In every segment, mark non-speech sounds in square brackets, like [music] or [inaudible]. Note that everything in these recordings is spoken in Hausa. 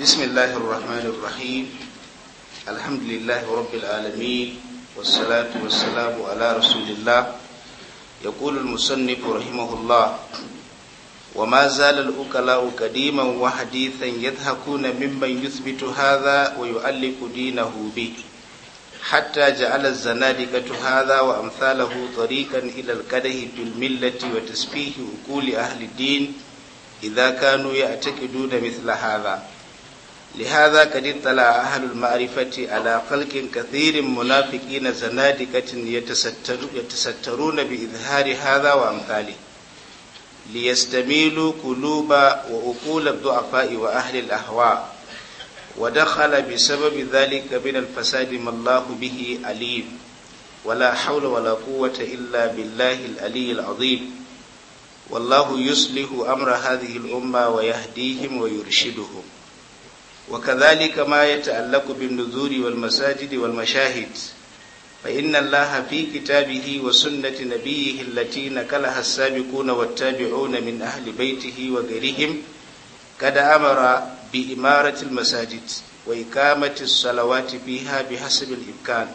بسم الله الرحمن الرحيم الحمد لله رب العالمين والصلاة والسلام على رسول الله يقول المصنف رحمه الله وما زال الأكلاء قديما وحديثا يضحكون ممن يثبت هذا ويؤلف دينه به حتى جعل الزنادقة هذا وأمثاله طريقا إلى الكره بالملة وتسفيه أكول أهل الدين إذا كانوا يعتقدون مثل هذا لهذا قد اطلع أهل المعرفة على خلق كثير منافقين زنادقة يتستر يتسترون بإظهار هذا وأمثاله ليستميلوا قلوب وعقول الضعفاء وأهل الأهواء ودخل بسبب ذلك من الفساد ما الله به عليم ولا حول ولا قوة إلا بالله العلي العظيم والله يصلح أمر هذه الأمة ويهديهم ويرشدهم وكذلك ما يتعلق بالنذور والمساجد والمشاهد فإن الله في كتابه وسنة نبيه التي نكلها السابقون والتابعون من أهل بيته وغيرهم قد أمر بإمارة المساجد وإقامة الصلوات فيها بحسب الإمكان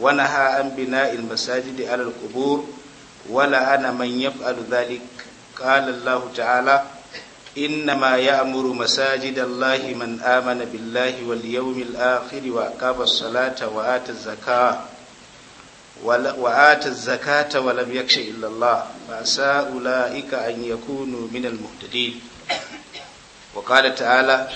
ونهى عن بناء المساجد على القبور ولعن من يفعل ذلك قال الله تعالى إنما يأمر مساجد الله من آمن بالله واليوم الآخر وأقام الصلاة وآتى الزكاة وآتى الزكاة ولم يكش إلا الله فعسى أولئك أن يكونوا من المهتدين وقال تعالى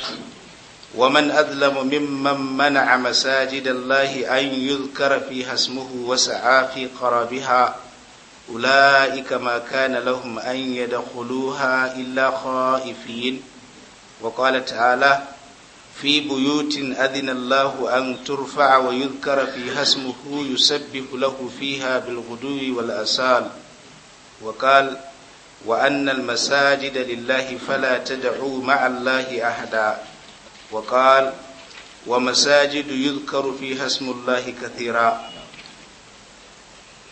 ومن أظلم ممن منع مساجد الله أن يذكر فيها اسمه وسعى في قرابها أولئك ما كان لهم أن يدخلوها إلا خائفين وقال تعالى في بيوت أذن الله أن ترفع ويذكر فيها اسمه يسبح له فيها بالغدو والأسال وقال وأن المساجد لله فلا تدعوا مع الله أحدا وقال ومساجد يذكر فيها اسم الله كثيرا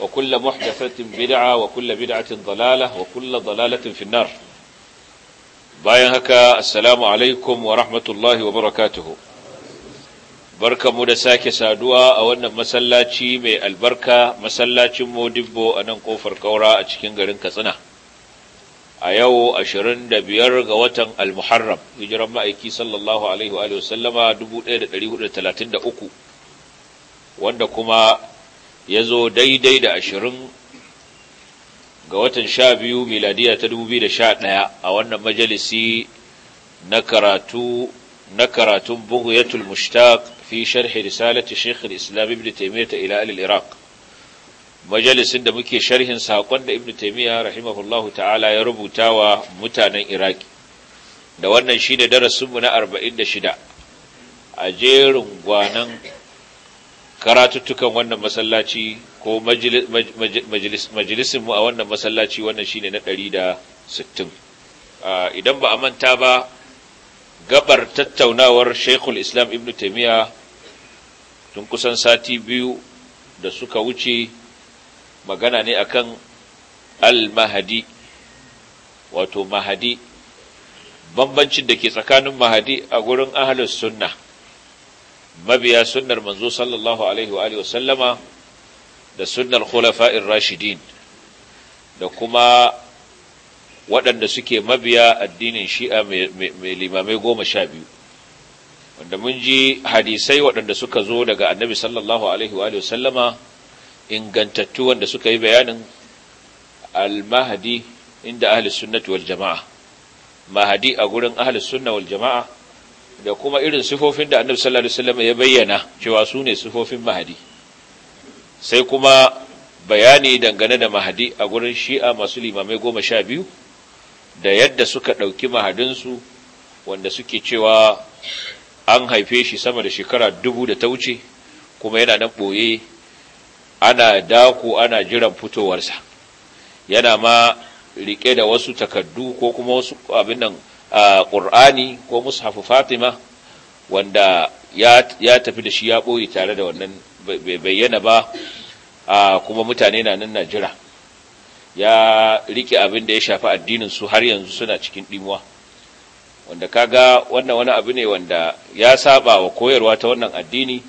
وكل محدثة بدعة وكل بدعة ضلالة وكل ضلالة في النار bayan haka assalamu alaikum wa rahmatullahi wa barakatuhu barkanmu da sake saduwa a wannan masallaci mai albarka masallacin modibbo a nan kofar kaura a cikin garin katsina a yau 25 ga watan almuharram hijiran ma'aiki sallallahu alaihi wa sallama 1433 wanda kuma ya zo daidai da ashirin ga watan sha biyu miladiya ta dubu biyu da sha ɗaya a wannan majalisi na karatu na karatun buhuyatul mushtaq fi sharhi risalati shekh islam ibn taimiyya ta ila iraq majalisin da muke sharhin saƙon da ibn taimiyya rahimahullahu ta'ala ya rubuta wa mutanen iraki da wannan shi darasin darasinmu na arba'in da shida a jerin gwanan karatuttukan wannan masallaci ko majalisinmu a wannan masallaci wannan shine na 160 idan ba a manta ba gabar tattaunawar Sheikhul Islam Ibn taimiyya tun kusan sati biyu da suka wuce magana ne akan al-mahadi wato mahadi bambancin da ke tsakanin mahadi a gurin ahlus sunnah mabiya sunnar manzo sallallahu alaihi wa sallama da sunnar khulafa'ir rashidin da kuma waɗanda suke mabiya addinin shi'a mai limamai goma sha biyu wanda mun ji hadisai waɗanda suka zo daga annabi sallallahu alaihi wa sallama ingantattu wanda suka yi bayanin al-mahdi inda ahli sunnati wal jama'a mahdi a gurin ahli sunna wal jama'a da kuma irin sifofin da annabi sallallahu alaihi wasallam ya bayyana cewa su ne sifofin mahadi sai kuma bayani dangane da mahadi a gurin shi'a masu limamai goma sha biyu da yadda suka ɗauki mahadinsu wanda suke cewa an haife shi sama da shekara dubu da ta wuce kuma yana nan ɓoye ana dako ana jiran fitowarsa yana ma riƙe da wasu takardu ko kuma wasu abin nan ƙur'ani ko mushafu fatima wanda ya tafi da shi ya ɓoye tare da wannan bayyana ba kuma mutane na nan najira jira ya rike abin da ya shafi addinin su har yanzu suna cikin dimuwa wanda kaga wannan wani abu ne wanda ya saba wa koyarwa ta wannan addini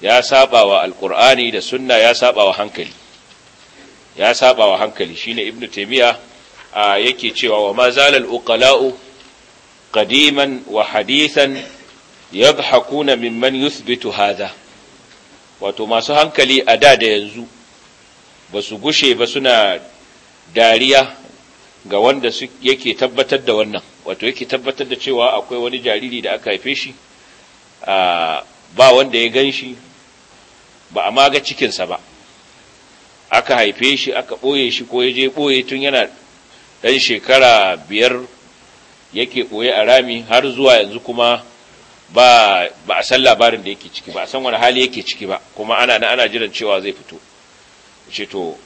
ya saba wa alkur'ani da sunna ya saba wa hankali ya saba wa hankali shine ibnu taymiya yake cewa wa ma zalal uqala'u قديما وحديثا يضحكون ممن يثبت هذا wato masu hankali a da da yanzu ba su gushe ba suna dariya ga wanda yake tabbatar da wannan wato yake tabbatar da cewa akwai wani jariri da aka haife shi ba wanda ya gan shi ba a maga cikinsa ba aka haife shi aka ɓoye shi ko ya je ɓoye tun yana ɗan shekara biyar yake ɓoye a rami har zuwa yanzu kuma ba ba a san labarin da yake ciki ba a san wani hali yake ciki ba kuma ana na ana jiran cewa zai fito ce to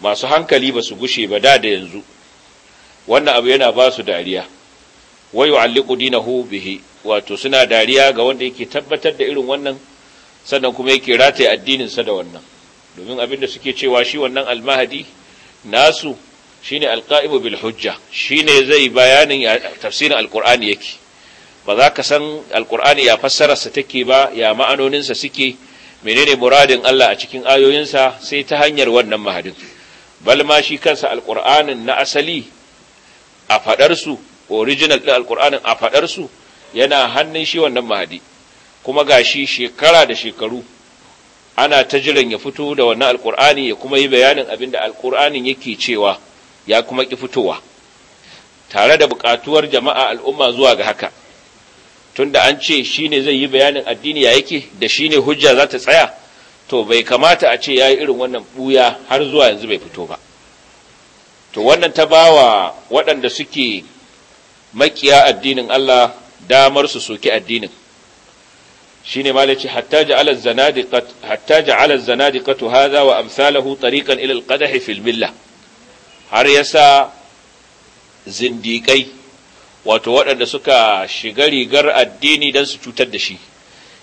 masu hankali ba su gushe ba da da yanzu wannan abu yana ba su dariya wai yu'alliqu dinahu bihi wato suna dariya ga wanda yake tabbatar da irin wannan sannan kuma yake rataye addinin sa da wannan domin abin da suke cewa shi wannan almahadi nasu shine alƙa'ibu bil hujja shine zai bayanin tafsirin alqur'ani yake ba za ka san alqur'ani ya fassararsa take ba ya ma'anoninsa suke menene muradin Allah a cikin ayoyinsa sai ta hanyar wannan mahadin bal ma shi kansa alqur'anin na asali a fadar su original din alqur'anin a faɗarsu yana hannun shi wannan mahadi kuma gashi shekara da shekaru ana ta jiran ya fito da wannan alqur'ani ya kuma yi bayanin abin abinda alqur'anin yake cewa ya kuma ki fitowa tare da buƙatuwar jama'a al'umma zuwa ga haka tunda an ce shine zai yi bayanin addini ya yake da shine hujja za ta tsaya to bai kamata a ce ya yi irin wannan buya har zuwa yanzu bai fito ba to wannan ta ba wa waɗanda suke makiya addinin Allah damar su soki addinin shine malaci hatta jaalar zanadiqat hatta ja'ala zanadiqatu hadha wa amsalahu tariqan ila al-qadah har ya sa zindiƙai wato waɗanda suka shiga rigar addini don su cutar da shi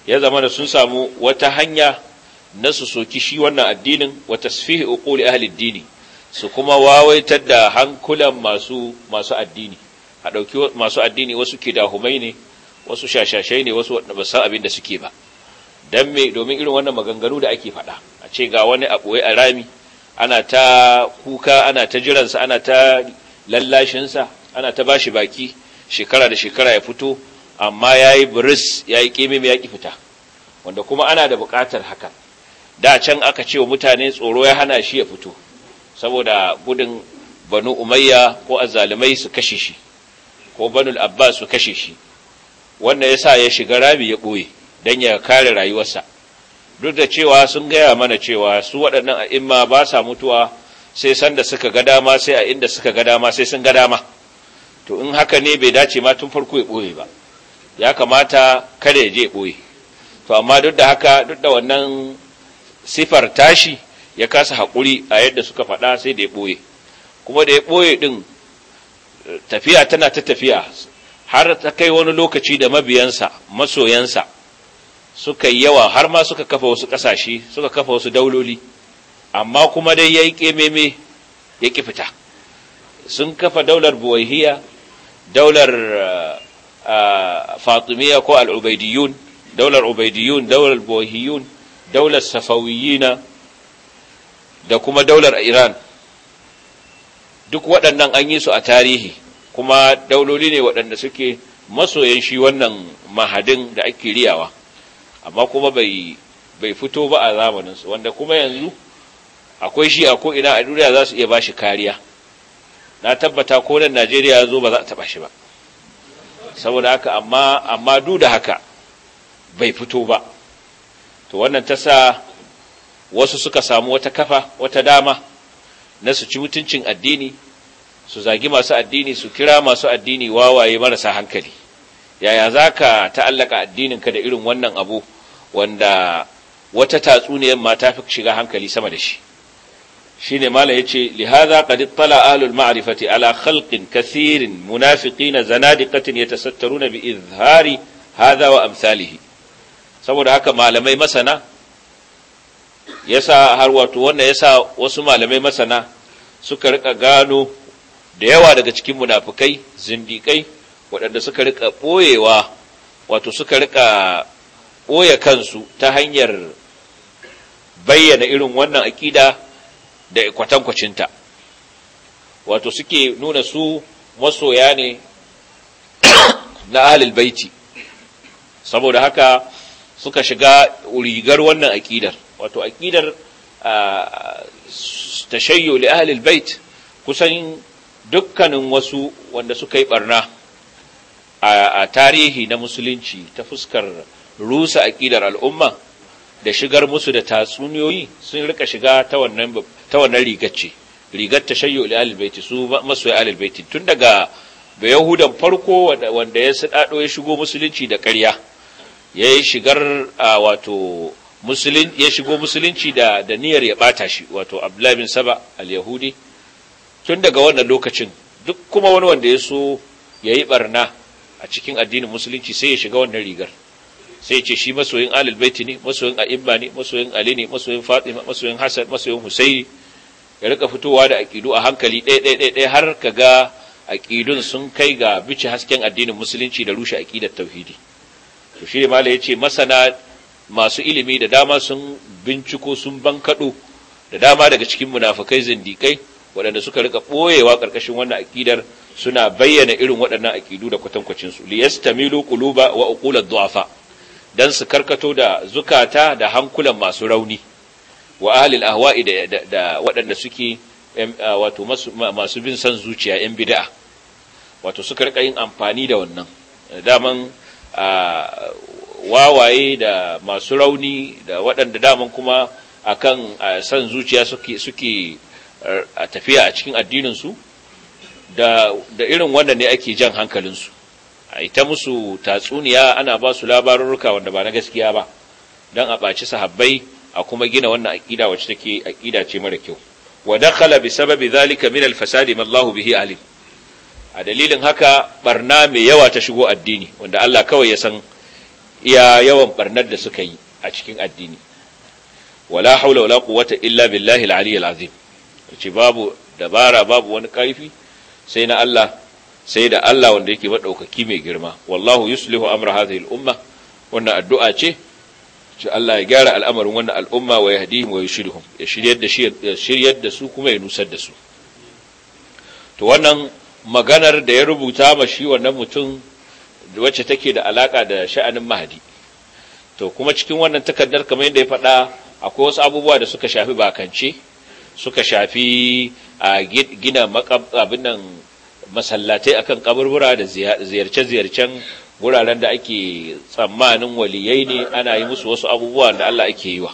ya zama da sun samu wata hanya na su soki shi wannan addinin wata tasfihi uquli ahli addini su kuma wawaitar da hankulan masu addini a ɗauki masu addini wasu ke dahumai ne wasu shashashai ne wasu waɗanda ba san abin da suke ba Don me domin irin wannan maganganu da ake faɗa a ce ga wani a ɓoye a rami ana ta kuka ana ta jiransa ana ta lallashinsa ana ta bashi baki shekara da shekara ya fito amma ya yi biris ya yi yaki ya ƙi fita wanda kuma ana da buƙatar haka da can aka ce wa mutane tsoro ya hana shi ya fito saboda gudun banu umayya ko azzalumai su kashe shi ko banul abbas su kashe shi wannan yasa ya shiga rami ya ɓoye don ya kare rayuwarsa duk da cewa sun gaya mana cewa su waɗannan a'imma ba sa mutuwa sai sanda suka ga dama sai a inda suka ga dama sai sun ga dama to in haka ne bai dace ma tun farko ya ɓoye ba ya kamata kada ya je ɓoye to amma duk da haka duk da wannan sifar tashi ya kasa haƙuri a yadda suka faɗa sai da ya ɓoye kuma da ya ɓoye ɗin tafiya tana ta tafiya har ta kai wani lokaci da mabiyansa masoyansa suka yi yawa har ma suka kafa wasu ƙasashe suka kafa wasu dauloli amma kuma dai ya yi ƙememe ya ƙi fita sun kafa daular buwaihiya daular eh, eh, fatimiyya ko al'ubaidiyun daular ubaidiyun daular buwaihiyun daular safawiyina da kuma daular iran duk waɗannan an yi su a tarihi kuma dauloli ne waɗanda suke masoyan shi wannan mahadin da ake riyawa amma kuma bai fito ba a zamanin su wanda kuma yanzu akwai shi a ko'ina a duniya za su iya ba shi kariya na tabbata ko nan Najeriya zo ba za a taba shi ba saboda haka amma du duk da haka bai fito ba to wannan ta sa wasu suka samu wata kafa wata dama na su ci mutuncin addini su zagi masu addini su kira masu addini wawaye marasa hankali yaya za ka ta'allaka ka da irin wannan abu wanda wata tatsuniyar ma ta fi shiga hankali sama da shi shine mala ce lihaza kadi tala ahlul ma'arifati ala khalqin kathirin ya tasattaru na bi izhari haza wa amsalihi saboda haka malamai masana ya sa har wato wannan sa wasu malamai masana suka rika gano da yawa daga cikin munafikai zindikai waɗanda suka rika ɓoyewa wato suka rika ɓoye kansu ta hanyar bayyana irin wannan aƙida da kwatankwacinta wato suke nuna su masoya ne [coughs] na ahlul baiti saboda haka suka shiga rigar wannan aƙidar wato aƙidar shayyo li ahlul bait kusan dukkanin wasu wanda suka yi ɓarna a tarihi na musulunci ta fuskar rusa aƙidar al'umma da shigar musu da tatsuniyoyi sun rika shiga ta wannan ta rigacce rigar ta li ahlil su masu ya tun daga Bayahudan yahudan farko wanda ya sadado ya shigo musulunci da ƙarya ya shigar wato musulun ya shigo musulunci da da niyyar ya bata shi wato abdullahi bin saba al-yahudi tun daga wannan lokacin duk kuma wani wanda ya so yayi barna a cikin addinin musulunci sai ya shiga wannan rigar sai ce shi masoyin alil baiti ne masoyin a'imma ne masoyin ali ne masoyin fatima masoyin hasan masoyin husaini ya rika fitowa da aqidu a hankali ɗaya ɗaya ɗaya har ka ga aqidun sun kai ga bice hasken addinin musulunci da rushe aqidar tauhidi to shi ya ce masana masu ilimi da dama sun binciko sun bankado da dama daga cikin munafikai zindikai waɗanda suka rika ɓoyewa ƙarƙashin wannan aƙidar suna bayyana irin waɗannan aƙidu da kwatankwacin su yastamilu quluba wa uqulad du'afa don su karkato da zukata da hankulan masu rauni wa ahlil ahwa'i da waɗanda suke wato masu bin san zuciya yan bid'a wato suka rika yin amfani da wannan daman wawaye da masu rauni da waɗanda daman kuma akan san zuciya suke suke tafiya a cikin addininsu da irin wanda ne ake jan hankalinsu ita musu tatsuniya ana ba su labarurruka wanda ba na gaskiya ba don a ɓaci sahabbai a kuma gina wannan aƙida wacce take aƙida ce mara kyau wa dakhala bi sababi zalika min al-fasadi ma Allahu bihi alim a dalilin haka barna mai yawa ta shigo addini wanda Allah kawai ya san iya yawan barnar da suka yi a cikin addini wala haula wala quwwata illa billahi al azim wace babu dabara babu wani karfi sai na Allah sai da Allah wanda yake maɗaukaki mai girma wallahu yuslihu amra hadhihi haza umma wannan addu'a ce ce Allah ya gyara al'amarin wannan al'umma wa haɗi wa ya shiryar da ya shirya da su kuma ya nusar da su to wannan maganar da ya rubuta ma shi wannan mutum wacce take da alaƙa da sha'anin mahadi to kuma cikin wannan takardar kamar yadda ya faɗa akwai wasu abubuwa da suka shafi bakance suka shafi a gina abin nan masallatai akan kaburbura da ziyarce-ziyarcen wuraren da ake tsammanin waliyai ne ana yi musu wasu abubuwa da Allah ake yi wa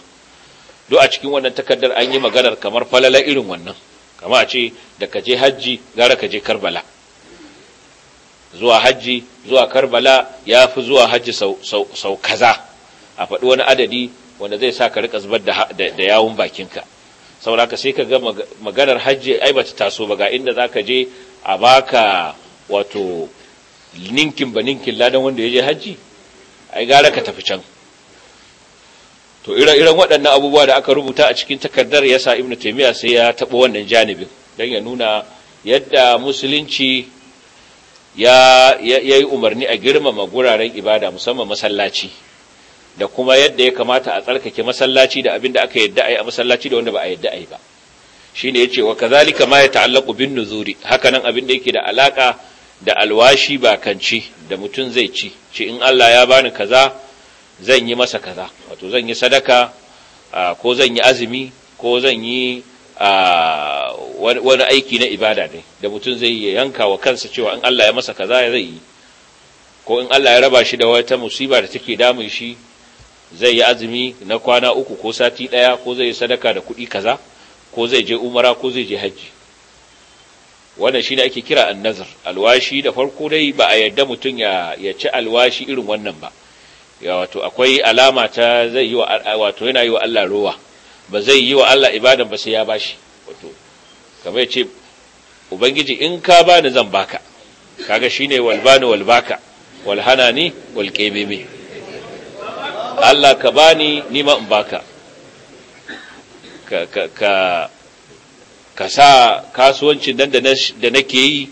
Do a cikin wannan takardar an yi maganar kamar falala irin wannan kama a ce da ka je hajji gara ka je karbala zuwa hajji zuwa karbala ya fi zuwa hajji sau kaza a faɗi wani adadi wanda zai sa ka riƙa zubar da yawun bakinka saboda sai ka ga maganar hajji ai bata taso ba ga inda za ka je a baka wato ninkin ba ninkin ladan wanda ya je hajji ai gara ka tafi can to ire waɗannan abubuwa da aka rubuta a cikin takardar ya sa ibn taimiyya sai ya taɓa wannan janibin don ya nuna yadda musulunci ya yi umarni a girmama guraren ibada musamman masallaci da kuma yadda ya kamata a tsarkake masallaci da abin da aka yadda a yi a masallaci da wanda ba a yadda a yi ba shi ne ya ce wa kazalika ma ya ta'allaku bin nuzuri hakanan abin da yake da alaka da alwashi ba ci da mutun zai ci ce in Allah ya bani kaza zan yi masa kaza wato zan yi sadaka ko zan yi azumi ko zan yi wani aiki na ibada ne da mutum zai yi yanka wa kansa cewa in Allah ya masa kaza zai yi ko in Allah ya raba shi da wata musiba da take damun shi zai yi azumi na kwana uku ko sati daya ko zai yi sadaka da kuɗi kaza ko zai je umara ko zai je hajji wannan shi ne ake kira nazar. alwashi da farko dai ba a yarda mutum ya ci alwashi irin wannan ba ya wato akwai alama ta zai yi wa wato yana yi wa Allah rowa ba zai yi wa Allah ibadan ba sai ya bashi wato kamar ce, ubangiji in ka bani zan baka kaga shi ne walbani walbaka walhanani walqebebe Allah ka bani ni ma in baka ka ka ka sa kasuwancin nan da nake yi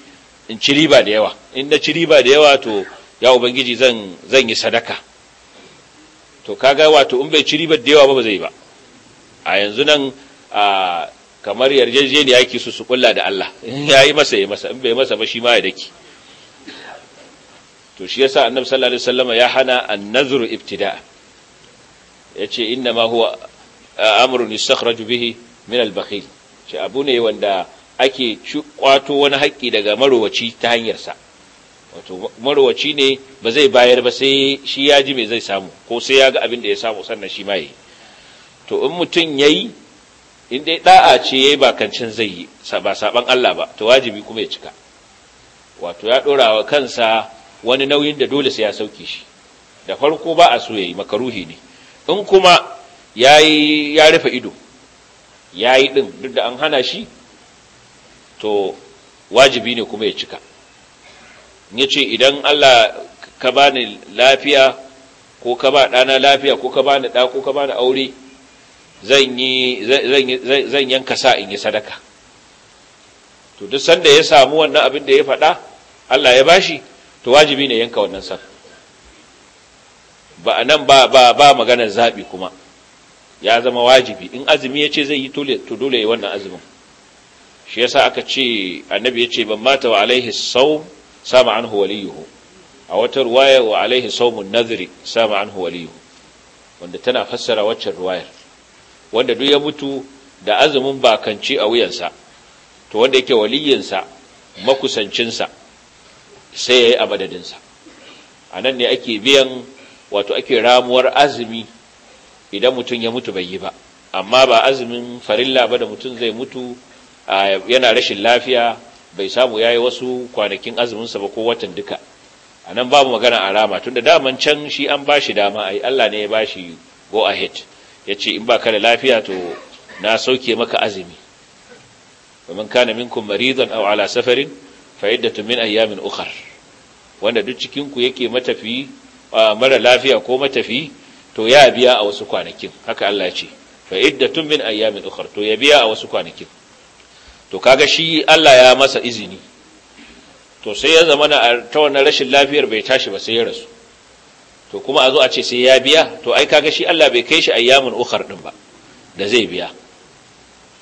in ci riba da yawa in na ci riba da yawa to ya ubangiji zan zan yi sadaka to kaga wato in bai ci riba da yawa ba ba zai ba a yanzu nan a kamar yarjejeniya yake su su kulla da Allah [laughs] ya yi masa ya masa in bai masa ba shi ma ya daki to shi yasa annabi sallallahu alaihi wasallam ya hana an-nazru ibtida yace inna ma huwa ni yustakhraju bihi min al-bakhil shi abu ne wanda ake kwato wani haƙƙi daga marowaci ta hanyarsa wato marowaci ne ba zai bayar ba sai shi ya ji me zai samu ko sai ya ga abin da ya samu sannan shi ma yi to in mutum yayi in dai da'a ce yayi ba kancin zai yi ba saban Allah ba to wajibi kuma ya cika wato ya dora wa kansa wani nauyin da dole sai ya sauke shi da farko ba a so yayi makaruhi ne in kuma yayi ya rufe ido yayi ɗin duk da an hana shi to wajibi ne kuma ya cika yace idan Allah ka bani lafiya ko ka ba ɗana lafiya ko ka bani ɗa ko ka bani aure zan yi zan yanka sa in yi sadaka to duk sanda ya samu wannan abin da ya faɗa Allah ya bashi to wajibi ne yanka wannan sa ba anan ba ba ba maganar zaɓi kuma ya zama wajibi in azumi ya ce zai yi to dole ya wannan azumin shi yasa aka ce annabi ya ce ban mata wa alaihi sau, sama anhu waliyuhu a wata ruwaya wa alaihi mun nazari sama anhu waliyuhu wanda tana fassara waccan ruwayar wanda duk ya mutu da azumin bakanci a wuyansa to wanda yake waliyinsa makusancinsa sai ya yi a madadinsa a nan ne ake biyan wato ake ramuwar azumi idan mutum ya mutu bai yi ba amma ba azumin farilla ba da mutum zai mutu yana rashin lafiya bai samu yayi wasu kwanakin azuminsa ba ko watan duka a nan babu magana arama da daman can shi an bashi dama ai Allah ne ya bashi go ahead yace in ba ka da lafiya to na sauke maka azumi waman kana minkum maridan aw ala safarin fa iddatu min ayamin ukhra wanda duk cikin ku yake matafi mara lafiya ko matafi to ya biya a wasu kwanakin haka Allah ya ce fa iddatun min ayyamin ukhra to ya biya a wasu kwanakin to kaga shi Allah ya masa izini to sai ya zama na ta wannan rashin lafiyar bai tashi ba sai ya rasu to kuma a zo a ce sai ya biya to ai kaga shi Allah bai kai shi ayyamin ukhra din ba da zai biya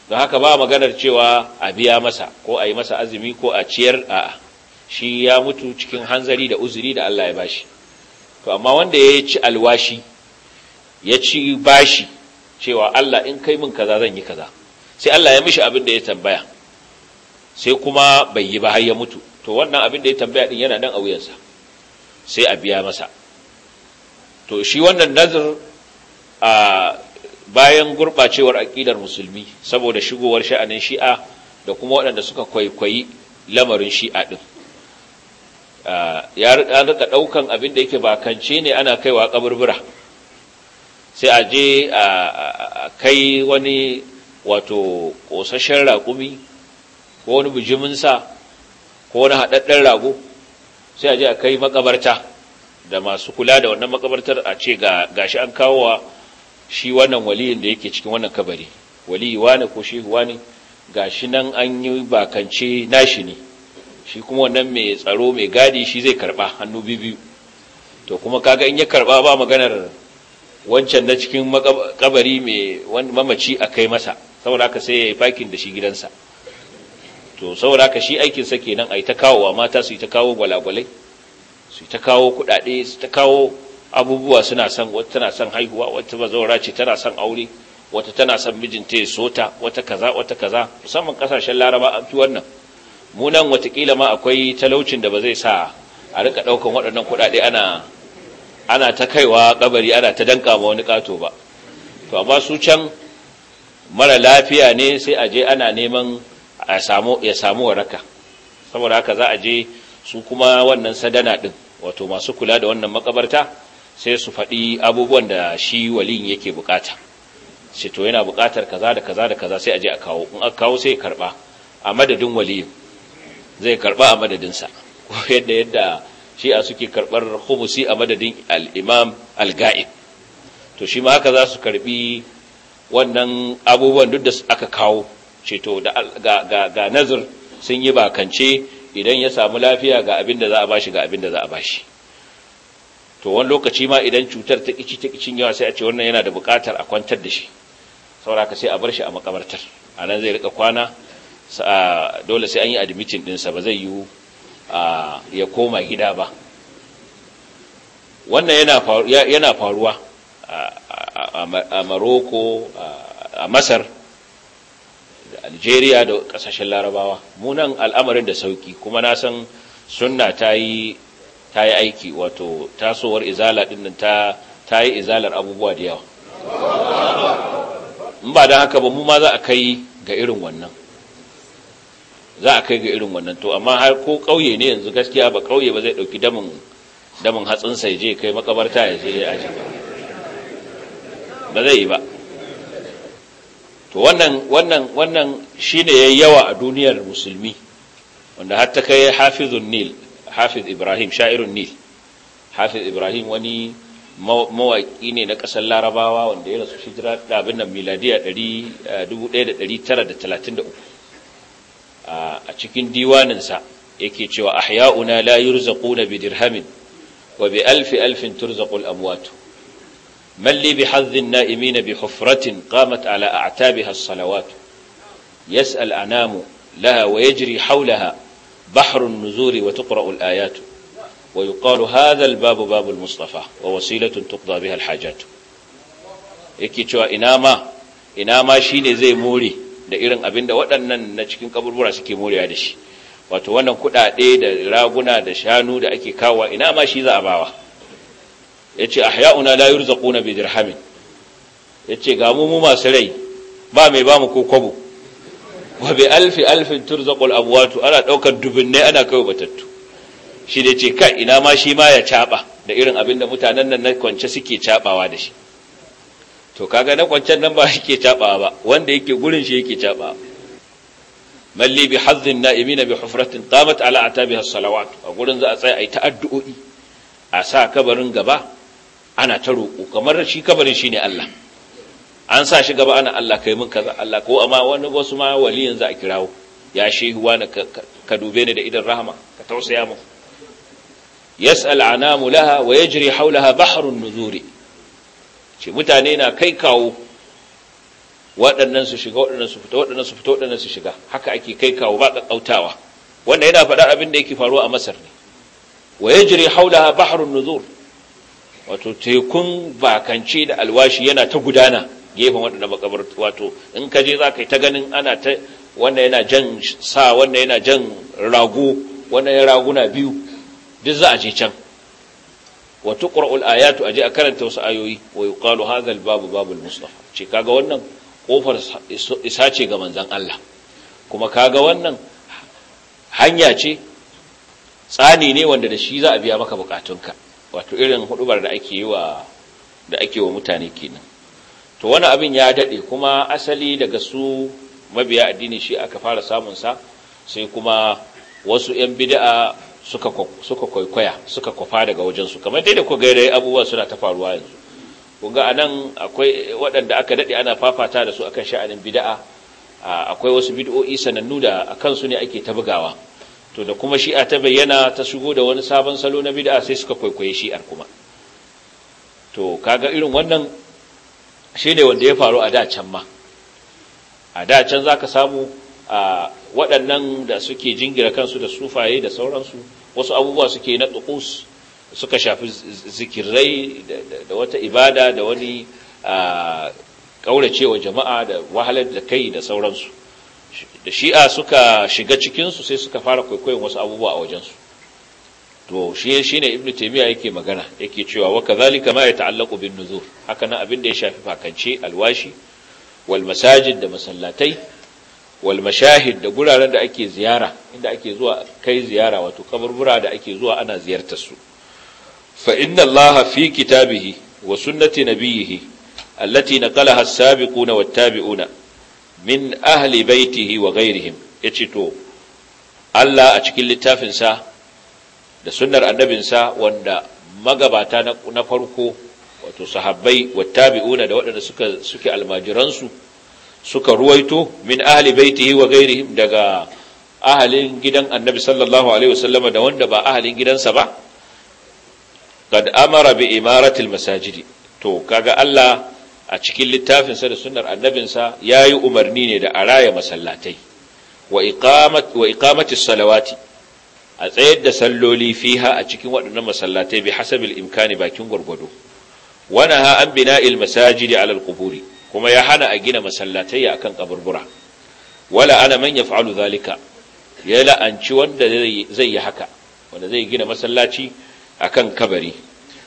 don haka ba maganar cewa a biya masa ko a yi masa azumi ko a ciyar a shi ya mutu cikin hanzari da uzuri da Allah ya bashi to amma wanda ya ci alwashi ya ci bashi cewa Allah in kai min kaza zan yi kaza sai Allah ya mishi abin da ya tambaya sai kuma bai yi ba har ya mutu to wannan abin da ya tambaya din yana dan a wuyansa sai a biya masa to shi wannan nazar a bayan gurbacewar aqidar musulmi saboda shigowar sha'anin shi'a da kuma waɗanda suka kwaikwayi lamarin shi'a din ya rika daukan abin da yake bakance ne ana kaiwa kaburbura sai a je a kai wani wato ƙosashen raƙumi ko wani bijiminsa ko wani haɗaɗɗen rago sai a je a kai makabarta da masu kula da wannan makabartar a ce ga shi an kawo wa shi wannan waliyin da yake cikin wannan kabari waliyi wane ko shi wane ga shi nan an yi bakance nashi ne shi kuma wannan mai tsaro mai gadi shi zai karba hannu biyu to kuma kaga in ya karba ba maganar wancan na cikin kabari mai mamaci a kai masa saboda sai ya yi fakin da shi gidansa to saboda shi aikinsa nan a yi ta kawowa mata su yi ta kawo gwalagwalai su yi ta kawo kudade su ta kawo abubuwa suna son wata tana son haihuwa wata ba zaura ce tana son aure wata tana son mijinta ya sota wata kaza wata kaza musamman kasashen laraba an fi wannan munan watakila ma akwai talaucin da ba zai sa a rika daukan waɗannan kuɗaɗe ana ana ta kaiwa kabari ana ta danka ma wani kato ba to amma su can mara lafiya ne sai a je ana neman a samu ya samu waraka saboda haka za a je su kuma wannan sadana din wato masu kula da wannan makabarta sai su faɗi abubuwan da shi walin yake bukata sai to yana bukatar kaza da kaza da kaza sai a je a kawo in aka kawo sai ya karba a madadin waliyin zai karba a madadinsa [laughs] ko yadda yadda a suke karɓar humusi a madadin al'imam al-ga'ib to shi ma haka za su karɓi wannan abubuwan duk da aka kawo ceto da ga nazir sun yi bakance idan ya samu lafiya ga abin da za a bashi ga abin da za a bashi to wani lokaci ma idan cutar ta kici ta yawa sai a ce wannan yana da buƙatar a kwantar da shi ka sai a bar shi a makabartar a nan zai rika kwana dole sai an yi admitin ɗinsa ba zai yiwu ya koma gida ba wannan yana faruwa a maroko a masar da algeria da kasashen larabawa munan al'amarin da sauki kuma na san sunna ta yi aiki wato tasowar izala dinnan ta yi izalar abubuwa da yawa ba don haka ba mu ma za a kai ga irin wannan za a kai ga irin wannan to amma har ko kauye ne yanzu gaskiya ba kauye ba zai ɗauki damin damin hatsinsa ya je kai makabarta ya je ya aji ba zai yi ba to wannan wannan wannan shine yayi yawa a duniyar musulmi wanda har ta kai hafizun nil hafiz ibrahim sha'irun nil hafiz ibrahim wani mawaki ne na ƙasar larabawa wanda ya rasu shijira abin nan miladiya 1933 a cikin diwaninsa yake cewa ahya'una la yurzaquna bi dirhamin wa bi alfi alfin turzaqul amwat man li bi hazzin na'imin bi hufratin qamat ala a'tabiha as-salawat yas'al anamu laha wa yajri hawlaha bahrun nuzuri wa tuqra'u al-ayat wa yuqalu hadha al-babu babu al-mustafa wa wasilatun tuqda biha al-hajat yake cewa ina ma shine zai more da irin abin da waɗannan na cikin kaburbura suke morewa da shi wato wannan kuɗaɗe da raguna da shanu da ake kawo ina ma shi za a bawa ya ce ahya'una la yurzaquna bi dirhamin ya ce ga mu mu masu rai ba mai ba mu ko kwabo wa bi alfi alfin turzaqul abwatu ana ɗaukar dubinnai ana kai batattu shi da ce kai ina ma shi ma ya caɓa da irin abin da mutanen nan na kwance suke caɓawa da shi to kaga na kwancen nan ba yake caba ba wanda yake gurin shi yake caba malli bi hazzin na'imina bi hufratin qamat ala atabiha salawat a gurin za a tsaya ai ta a sa kabarin gaba ana ta roƙo kamar shi kabarin shine Allah an sa shi gaba ana Allah kai mun kaza Allah ko amma wani wasu ma waliyin za a kirawo ya shehu wani ka dube ni da idan rahama ka tausaya mu yas'al anamu laha wa yajri hawlaha bahrun nuzuri ce mutane na kai kawo waɗannan su shiga waɗannan su fita waɗannan su fita waɗannan su shiga haka ake kai kawo ba ƙaƙƙautawa wanda yana faɗa abin da yake faruwa a masar ne wa yajri da baharun nuzur wato tekun bakance da alwashi yana ta gudana gefen waɗanda makabar wato in ka je za ka yi ta ganin ana ta wanda yana jan sa wanda yana jan rago wanda ya raguna biyu duk za a je can wa tuqra'ul ayatu aje a karanta wasu ayoyi wa yuqalu hadha babu al mustafa ce kaga wannan kofar isa ce ga manzon Allah kuma kaga wannan hanya ce tsani ne wanda da shi za a biya maka bukatunka wato irin hudubar da ake yi wa da ake wa mutane kenan to wani abin ya dade kuma asali daga su mabiya addini shi aka fara samun sa sai kuma wasu 'yan bid'a suka suka kwaikwaya suka kwafa daga wajen su kamar dai da ku ga dai abubuwa suna ta faruwa yanzu ku ga anan akwai waɗanda aka daɗe ana fafata da su akan sha'anin bida'a, akwai wasu bid'o'i sanannu da akan su ne ake ta bugawa to da kuma shi'a ta bayyana ta shigo da wani sabon salo na bida'a, sai suka kwaikwaye shi'ar kuma to kaga irin wannan shi ne wanda ya faru a da can ma a da can zaka samu a waɗannan da suke jingira kansu da sufaye da sauransu wasu abubuwa suke na ɗukus, suka shafi zikirai da wata ibada da wani kauracewa jama'a da wahalar da kai da sauransu da shi'a suka shiga cikinsu sai suka fara kwaikwayon wasu abubuwa a wajensu to shi shine ibnu taymiya yake magana yake cewa wa kadhalika ma yata'allaqu bin nuzur haka nan abin da ya shafi fakance alwashi wal masajid da masallatai wal mashahid da guraren da ake ziyara inda ake zuwa kai ziyara wato kaburbura da ake zuwa ana ziyartar su fa inna allaha fi kitabihi wa sunnati nabiyhi allati naqalaha as-sabiquna wat-tabi'una min ahli baitihi wa ghayrihim yace to Allah a cikin littafin sa da sunnar sa wanda magabata na farko wato sahabbai wat-tabi'una da waɗanda suka suke almajiransu su suka ruwaito min ahli baitihi wa ghairihim daga ahalin gidan annabi sallallahu alaihi wasallam da wanda ba ahalin gidansa ba kad amara bi imarati almasajidi to kaga Allah a cikin littafinsa da sunnar annabinsa yayi umarni ne da araya masallatai wa iqamat wa iqamati salawati a tsayar da salloli fiha a cikin waɗannan masallatai bi hasabil imkani bakin gurgudu wana ha an bina'il masajidi ala alquburi kuma ya hana a gina masallatai akan kaburbura wala ana man yaf'alu zalika ya la'anci wanda zai yi haka wanda zai gina masallaci akan kabari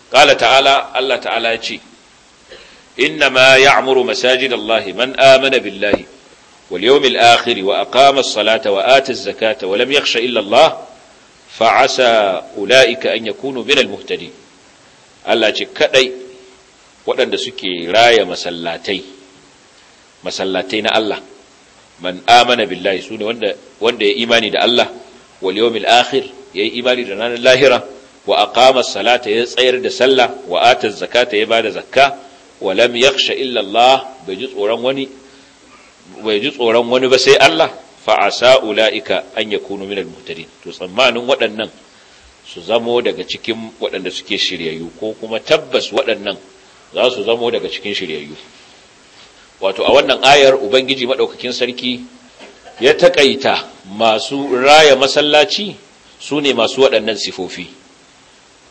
qala ta'ala Allah ta'ala ya ce inna ma ya'muru masajidallahi man amana billahi wal mil akhiri wa aqama salata wa atis zakata wa lam yakhsha illa Allah fa'asa ula'ika an yakunu kunu al-muhtadin Allah ce kadai waɗanda suke raya masallatai masallatai na Allah man amana billahi sune wanda wanda ya imani da Allah wal yawmil akhir yi imani da ranar lahira wa aqama salata ya tsayar da sallah wa ata zakata ya bada zakka wa lam yakhsha illa Allah bai ji tsoron wani bai ji tsoron wani ba sai Allah fa asa ulaika an yakunu minal muhtadin to tsammanin waɗannan su zamo daga cikin waɗanda suke shiryayyu ko kuma tabbas waɗannan za su zamo daga cikin shiryayyu wato a wannan ayar ubangiji madaukakin sarki ya takaita masu raya masallaci su ne masu waɗannan sifofi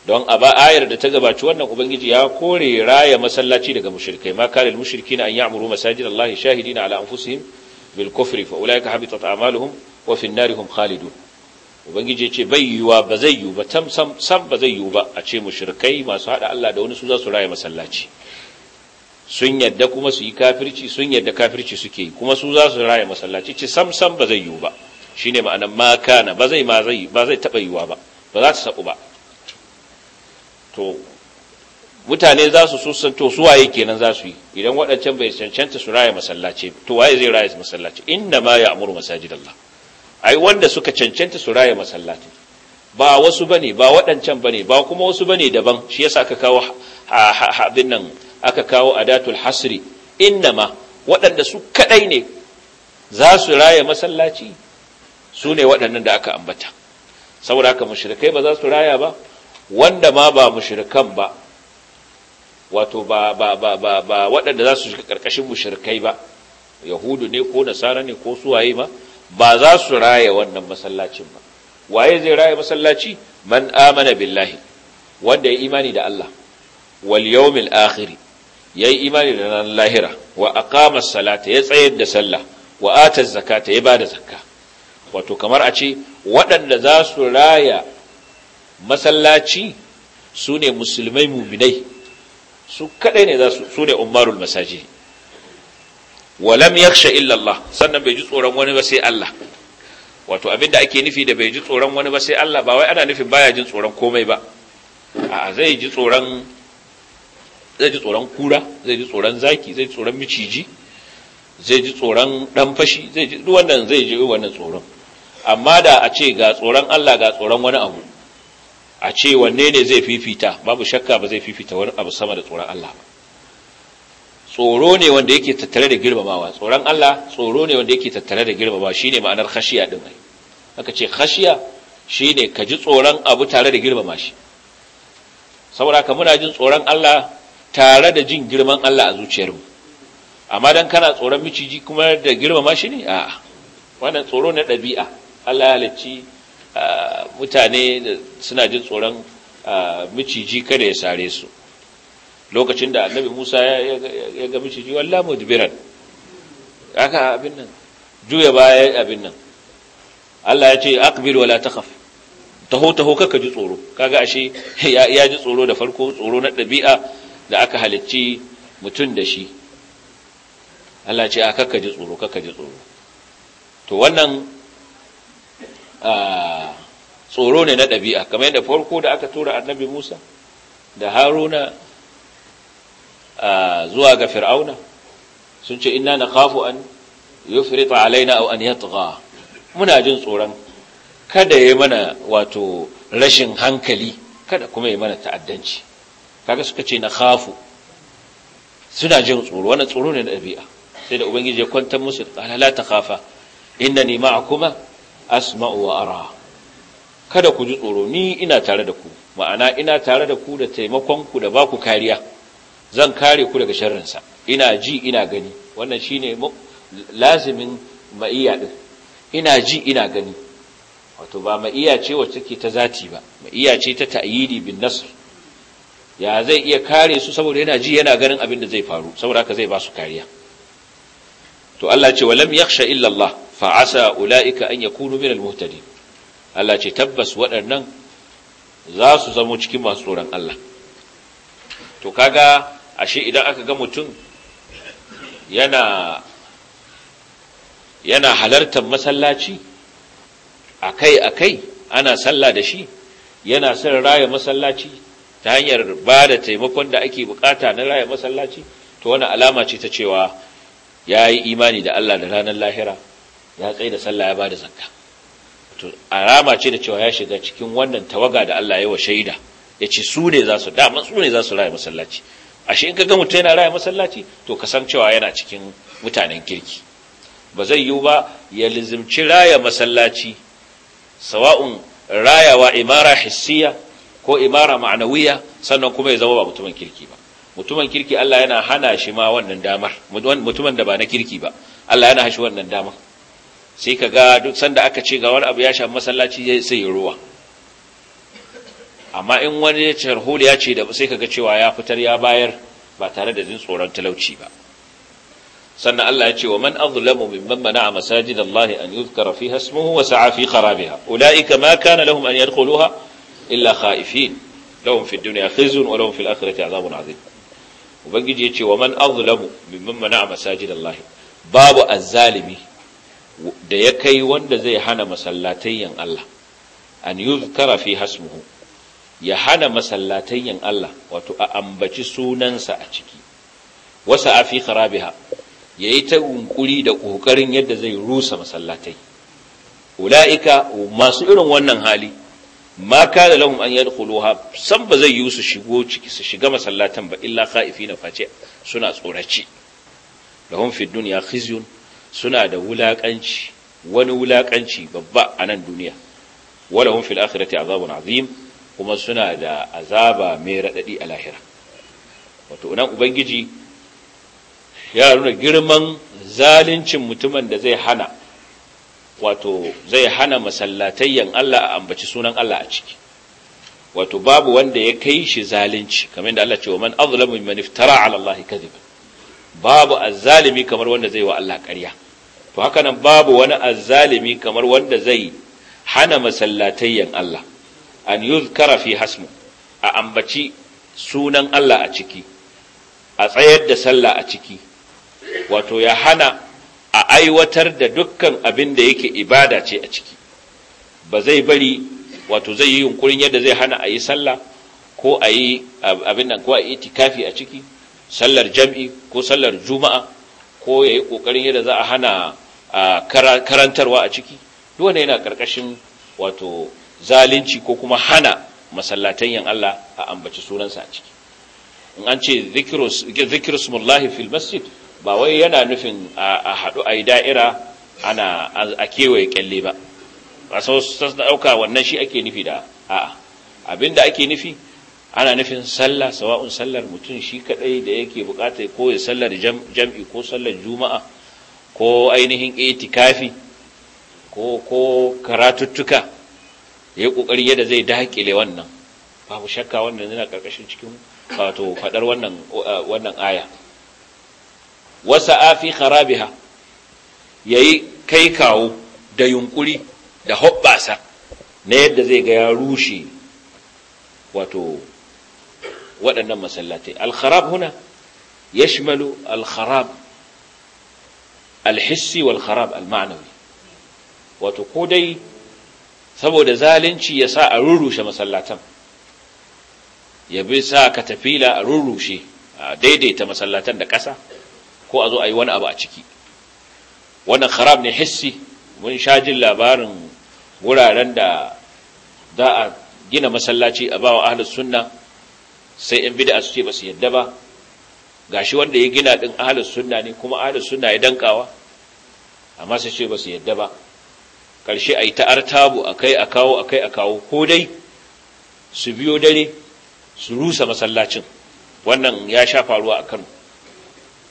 don a ba ayar da ta gabaci wannan ubangiji ya kore raya masallaci daga mushrikai ma kalil mushrikina an ya'muru masajidallahi shahidina ala anfusihim bil kufri fa ulaika habitat a'maluhum wa fi Khalidu. ubangiji ya ce bai yiwa ba zai yiwu ba tam sam ba zai yiwu ba a ce mushrikai masu haɗa Allah da wani su za su raya masallaci sun yadda kuma su yi kafirci sun yadda kafirci suke yi kuma su za su raya masallaci ce sam sam ba zai yiwu ba shine ma'anar ma kana ba zai ma zai ba taba yiwa ba ba za ta saɓu ba to mutane za su so to su waye kenan za su yi idan waɗancan bai cancanta su raya masallaci to waye zai raya masallaci inna ma ya'muru Allah ai wanda suka cancanta su raya masallaci ba wasu bane ba waɗancan bane ba kuma wasu bane daban shi yasa aka kawo abin nan aka kawo adatul hasri innama waɗanda su kadai ne za su raya masallaci su ne waɗannan da aka ambata saboda haka mushrikai ba za su raya ba wanda ma ba mushrikan ba wato ba ba ba ba ba waɗanda za su shiga ƙarƙashin mushrikai ba yahudu ne ko nasara ne ko suwaye ba za su raya wannan masallacin ba waye zai raya masallaci man amana billahi wanda ya imani da Allah wal yawmil akhir yayi imani da ranar lahira wa aqama salata ya tsayar da sallah wa ata zakata ya bada zakka wato kamar a ce waɗanda za su raya masallaci su ne musulmai muminai su kadai ne za su ne umarul masaji walam lam illallah sannan bai ji tsoron wani ba sai Allah wato abinda ake nufi da bai ji tsoron wani ba sai Allah ba wai ana nufin baya jin tsoron komai ba a zai ji tsoron zai ji tsoron kura zai ji tsoron zaki zai ji tsoron miciji zai ji tsoron dan fashi zai ji duk wannan zai ji wannan tsoron amma da a ce ga tsoron Allah ga tsoron wani abu a ce wanne ne zai fifita babu shakka ba zai fifita wani abu sama da tsoron Allah ba tsoro ne wanda yake tattare da girmamawa tsoron Allah tsoro ne wanda yake tattare da girmamawa shine ma'anar khashiya din ai aka ce khashiya shine ka ji tsoron abu tare da girmama shi saboda ka muna jin tsoron Allah tare da jin girman Allah a zuciyarmu amma dan kana tsoron miciji kuma da girmama shi ne a'a wannan tsoro na ɗabi'a Allah ya halacci mutane suna jin tsoron miciji kada ya sare su lokacin da annabi Musa ya ga miciji wallahi mudbiran haka abin nan juya baya abin nan Allah ya ce aqbil wala takhaf taho taho kaka ji tsoro kaga ashe ya ji tsoro da farko tsoro na ɗabi'a da aka halicci mutum da shi Allah ce a kakka ji tsoro kakka ji tsoro to wannan tsoro ne na ɗabi'a kamar yadda farko da aka tura annabi Musa da Haruna zuwa ga Fir'auna sun ce na kafu an firita alaina aw an yatgha muna jin tsoron kada yi mana wato rashin hankali kada kuma ya yi mana ta'addanci kaga suka ce na khafu suna jin tsoro wannan tsoro ne na ɗabi'a sai da ubangiji ya kwantar musu qala la takhafa innani ma'akuma asma'u wa ara kada ku ji tsoro ni ina tare da ku ma'ana ina tare da ku da taimakon ku da baku kariya zan kare ku daga sharrin sa ina ji ina gani wannan shine lazimin ma'iya din ina ji ina gani wato ba ma'iya ce wacce take ta zati ba ma'iya ce ta ta'yidi bin nasr ya zai iya kare su saboda yana ji yana ganin abin da zai faru saboda haka zai ba su kariya to Allah ce walam yakhsha illa Allah fa asa ulaika an yakunu min almuhtadin Allah ce tabbas waɗannan za su zamo cikin masu tsoron Allah to kaga ashe idan aka ga mutum yana yana halartar masallaci akai akai ana sallah da shi yana son raya masallaci ta hanyar ba da taimakon da ake bukata na raya masallaci to wani alama ce ta cewa ya yi imani da Allah da ranar lahira ya tsaye da sallah ya ba da zakka to alama ce da cewa ya shiga cikin wannan tawaga da Allah ya yi wa shaida ya ce su ne za su dama su ne za su raya masallaci ashe in ka ga mutum yana raya masallaci to ka san cewa yana cikin mutanen kirki ba zai yiwu ba ya lizimci raya masallaci sawa'un rayawa imara hissiya ko imara ma'anawiya sannan kuma ya zama ba mutumin kirki ba mutumin kirki Allah yana hana shi ma wannan damar mutumin da ba na kirki ba Allah yana hashi wannan damar sai ka ga duk sanda aka ce ga wani abu ya shafi masallaci sai ya ruwa amma in wani ya ce rahul ya ce da sai ka ga cewa ya fitar ya bayar ba tare da jin tsoron talauci ba sannan Allah ya ce wa man azlamu mimman mana'a masajidallahi an yuzkara fiha ismuhu wa sa'a fi kharabiha ulaika ma kana lahum an yadkhuluha illa khaifin lahum fid dunya khizyun wa lahum fil akhirati azabun azim ubangiji yace wa man azlamu mimman mana'a masajidallahi babu azzalimi da ya kai wanda zai hana masallatayyan Allah an yuzkara fi hasmuhu ya hana masallatayyan Allah wato a ambaci sunansa a ciki wasa afi kharabiha yayi ta unkuri da kokarin yadda zai rusa masallatai ulaika masu irin wannan hali ma da lahum an yadkhuluha san ba zai yi su shigo ciki su shiga masallatan ba illa na face suna tsoraci lahum fi dunya khizyun suna da wulakanci wani wulakanci babba a nan duniya walahum fil akhirati azabun azim kuma suna da azaba mai radadi a lahira wato nan ubangiji ya nuna girman zalincin mutumin da zai hana wato zai hana masallatayyan Allah a ambaci sunan Allah a ciki wato babu wanda ya kai shi zalunci kamar yadda Allah ce wa man azlamu mimman iftara ala Allah kadhiban babu azzalimi kamar wanda zai wa Allah ƙarya to haka nan babu wani azzalimi kamar wanda zai hana masallatayyan Allah an yuzkara fi hasmu a ambaci sunan Allah a ciki a tsayar da sallah a ciki wato ya hana a aiwatar da dukkan abin da yake ibada ce a ciki ba zai bari wato zai yi yunkurin yadda zai hana a yi sallah ko a yi abin nan ko a yi itikafi a ciki sallar jam'i ko sallar juma'a ko ya yi ƙoƙarin yadda za a hana karantarwa a ciki duwane yana ƙarƙashin wato zalunci ko kuma hana masallatan yan Allah a ambaci sunansa a ciki in an ce zikirus mullahi fil masjid ba wai yana nufin a haɗu a yi da'ira ana a kewaye ƙyalle ba a sau ɗauka wannan shi ake nufi da a'a abinda ake nufi ana nufin sallah sawa'un sallar mutum shi kadai da yake bukata ko ya sallar jam'i ko sallar juma'a ko ainihin itikafi ko ko karatuttuka Ya kokari yadda zai dakile wannan babu shakka wannan yana karkashin cikin wato fadar wannan wannan aya wasa afi kharabiha yayi kai kawo da yunkuri da hoɓasa na yadda zai ga ya rushe wato waɗannan masallatai al-kharab huna yashmalu al-kharab al-hissi wal-kharab al maanawi wato ko dai saboda zalunci ya sa a rurrushe masallatan ya bi sa katafila a rurrushe a daidaita masallatan da ƙasa ko a zo a yi wani abu a ciki wannan haram ne hissi mun sha jin labarin wuraren da za a gina masallaci a bawa ahlus sunna sai in bid'a su ce ba su yadda ba gashi wanda ya gina din ahlus sunna ne kuma ahlus sunna ya dankawa amma su ce ba su yadda ba karshe ayi ta artabu akai a kawo akai a kawo ko dai su biyo dare su rusa masallacin wannan ya sha faruwa a Kano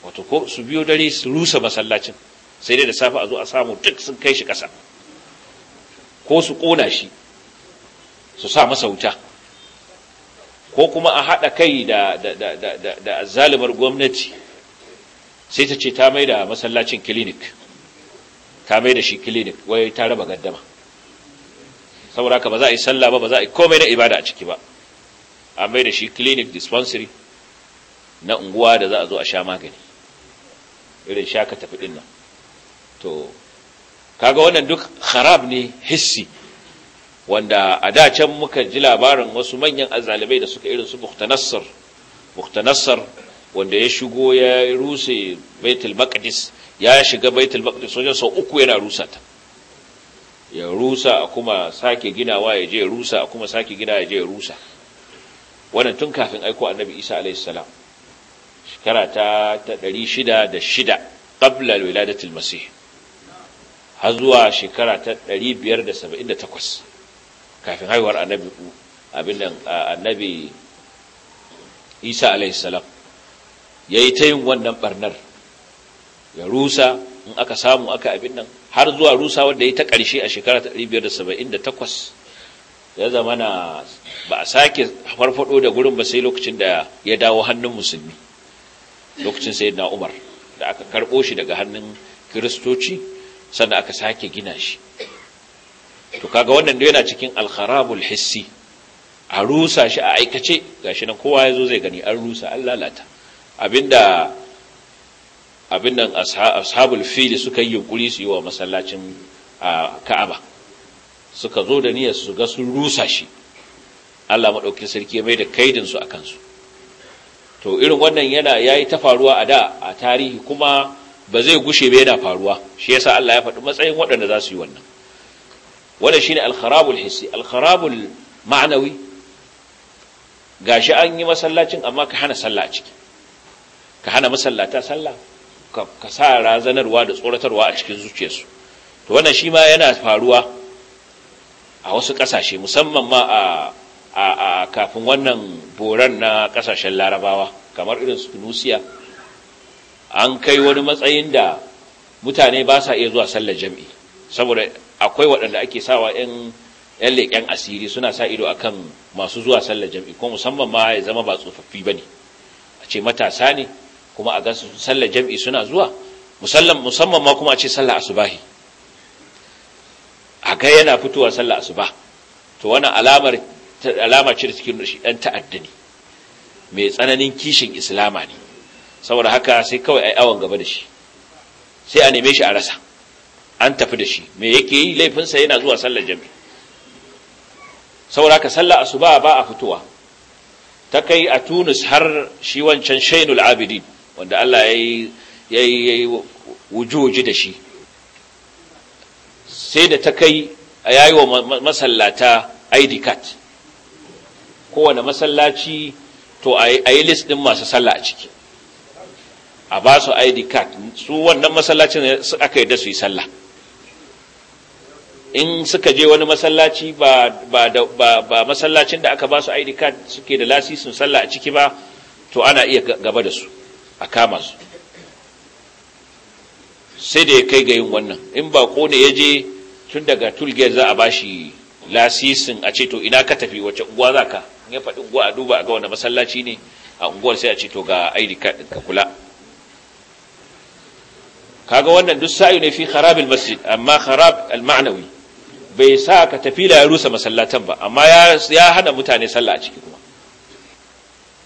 wato ko su biyo dare su rusa masallacin sai dai da safe a zo a samu duk sun kai shi ƙasa ko su ƙona shi su sa masa wuta ko kuma a haɗa kai da da zalimar gwamnati sai ta ce ta mai da masallacin clinic ta mai da shi clinic wai ta raba gaddama saboda haka ba za a yi sallah ba ba za a yi komai na ibada a ciki ba a mai da shi clinic dispensary na unguwa da za a zo a sha magani irin shaka tafi dinnan nan to kaga wannan duk kharab ne hissi wanda a da can muka ji labarin wasu manyan azalibai da suka irin su Muhtanassar Muhtanassar wanda ya shigo ya ruse Baitul Maqdis ya shiga Baitul Maqdis wajen sau uku yana rusa ta ya rusa kuma sake ginawa ya je rusa kuma sake gina ya je rusa wannan tun kafin aiko annabi Isa alaihi salam shekara ta 606 ƙabla wiladati al-masih har zuwa shekara ta 578 kafin haihuwar annabi abin nan annabi Isa alaihissalam ya yi ta yin wannan barnar ya rusa in aka samu aka abin nan har zuwa rusa wanda ya ta ƙarshe a shekara ta 578 ya zama na ba a sake farfado da gurin ba sai lokacin da ya dawo hannun musulmi lokacin sai na Umar da aka karbo shi daga hannun kiristoci, sannan aka sake gina shi to kaga wannan da yana cikin al-kharabul hissi a rusa shi a aikace gashi nan kowa ya zo zai gani an rusa an lalata abinda abin nan ashabul fil suka yi yunkuri su yi wa masallacin ka'aba suka zo da niyyar su ga sun rusa shi Allah maɗauki sarki ya mai da kaidin su a kansu to irin wannan yana yayi ta faruwa a da a tarihi kuma ba zai gushe ba yana faruwa shi yasa Allah ya faɗi matsayin waɗanda za su yi wannan wannan shine al-kharabul hissi al-kharabul ma'nawi gashi an yi masallacin amma ka hana sallah a ciki ka hana masallata sallah ka sa razanarwa da tsoratarwa a cikin zuciyarsu to wannan shi ma yana faruwa a wasu ƙasashe musamman ma a a kafin wannan boran na kasashen larabawa kamar irin su tunisia an kai wani matsayin da mutane ba sa iya zuwa sallar jam'i saboda akwai waɗanda ake sawa 'yan leƙen asiri suna sa ido akan masu zuwa sallar jam'i ko musamman ma ya zama ba tsofaffi ba ne a ce matasa ne kuma a gasu sallar jam'i suna zuwa musamman ma kuma a ce sallar asubahi a ga yana fitowa sallar asuba to wani alamar alama ce da suke nuna shi dan ta'adda ne mai tsananin kishin islama ne saboda haka sai kawai ai awon gaba da shi sai a neme shi a rasa an tafi da shi me yake yi laifinsa yana zuwa sallar jami'i saboda haka sallar asuba ba a fitowa ta kai a tunis har shi wancan shainul abidin wanda allah ya yi wujoji da shi sai da ta kai a yayi wa masallata id card kowane masallaci to a yi list ɗin masu sallah a ciki a ba su id card su wannan masallacin aka yarda su yi sallah in suka je wani masallaci ba masallacin da aka ba su id card suke da lasisin sallah a ciki ba to ana iya gaba da su a kama su sai da ya kai ga yin wannan in ba ne ya je tun daga tulgiyar za a ba shi lasisin a ce to ina ka tafi wace uwa za ka ya faɗi unguwa a duba a ga wanda masallaci ne a unguwar sai a ce to ga ID card ka kula kaga wannan duk sa'i ne fi kharabil masjid amma kharab al-ma'nawi bai sa ka tafi ya rusa masallatan ba amma ya ya hana mutane sallah a ciki kuma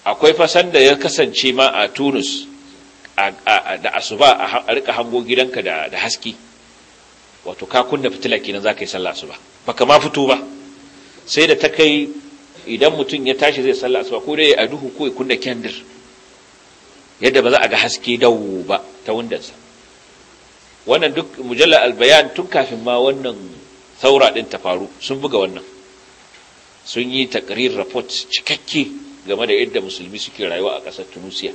akwai fasan da ya kasance ma a Tunis da asuba a rika hango gidanka da da haski wato ka kunna fitila kenan zaka yi sallah asuba baka ma fito ba sai da ta kai idan mutum ya tashi zai salla asuba ko dai a duhu ko ya kunna kendir yadda ba za a ga haske dawo ba ta wundansa wannan duk mujalla albayan tun kafin ma wannan saura din ta faru sun buga wannan sun yi takrir report cikakke game da yadda musulmi suke rayuwa a ƙasar tunisia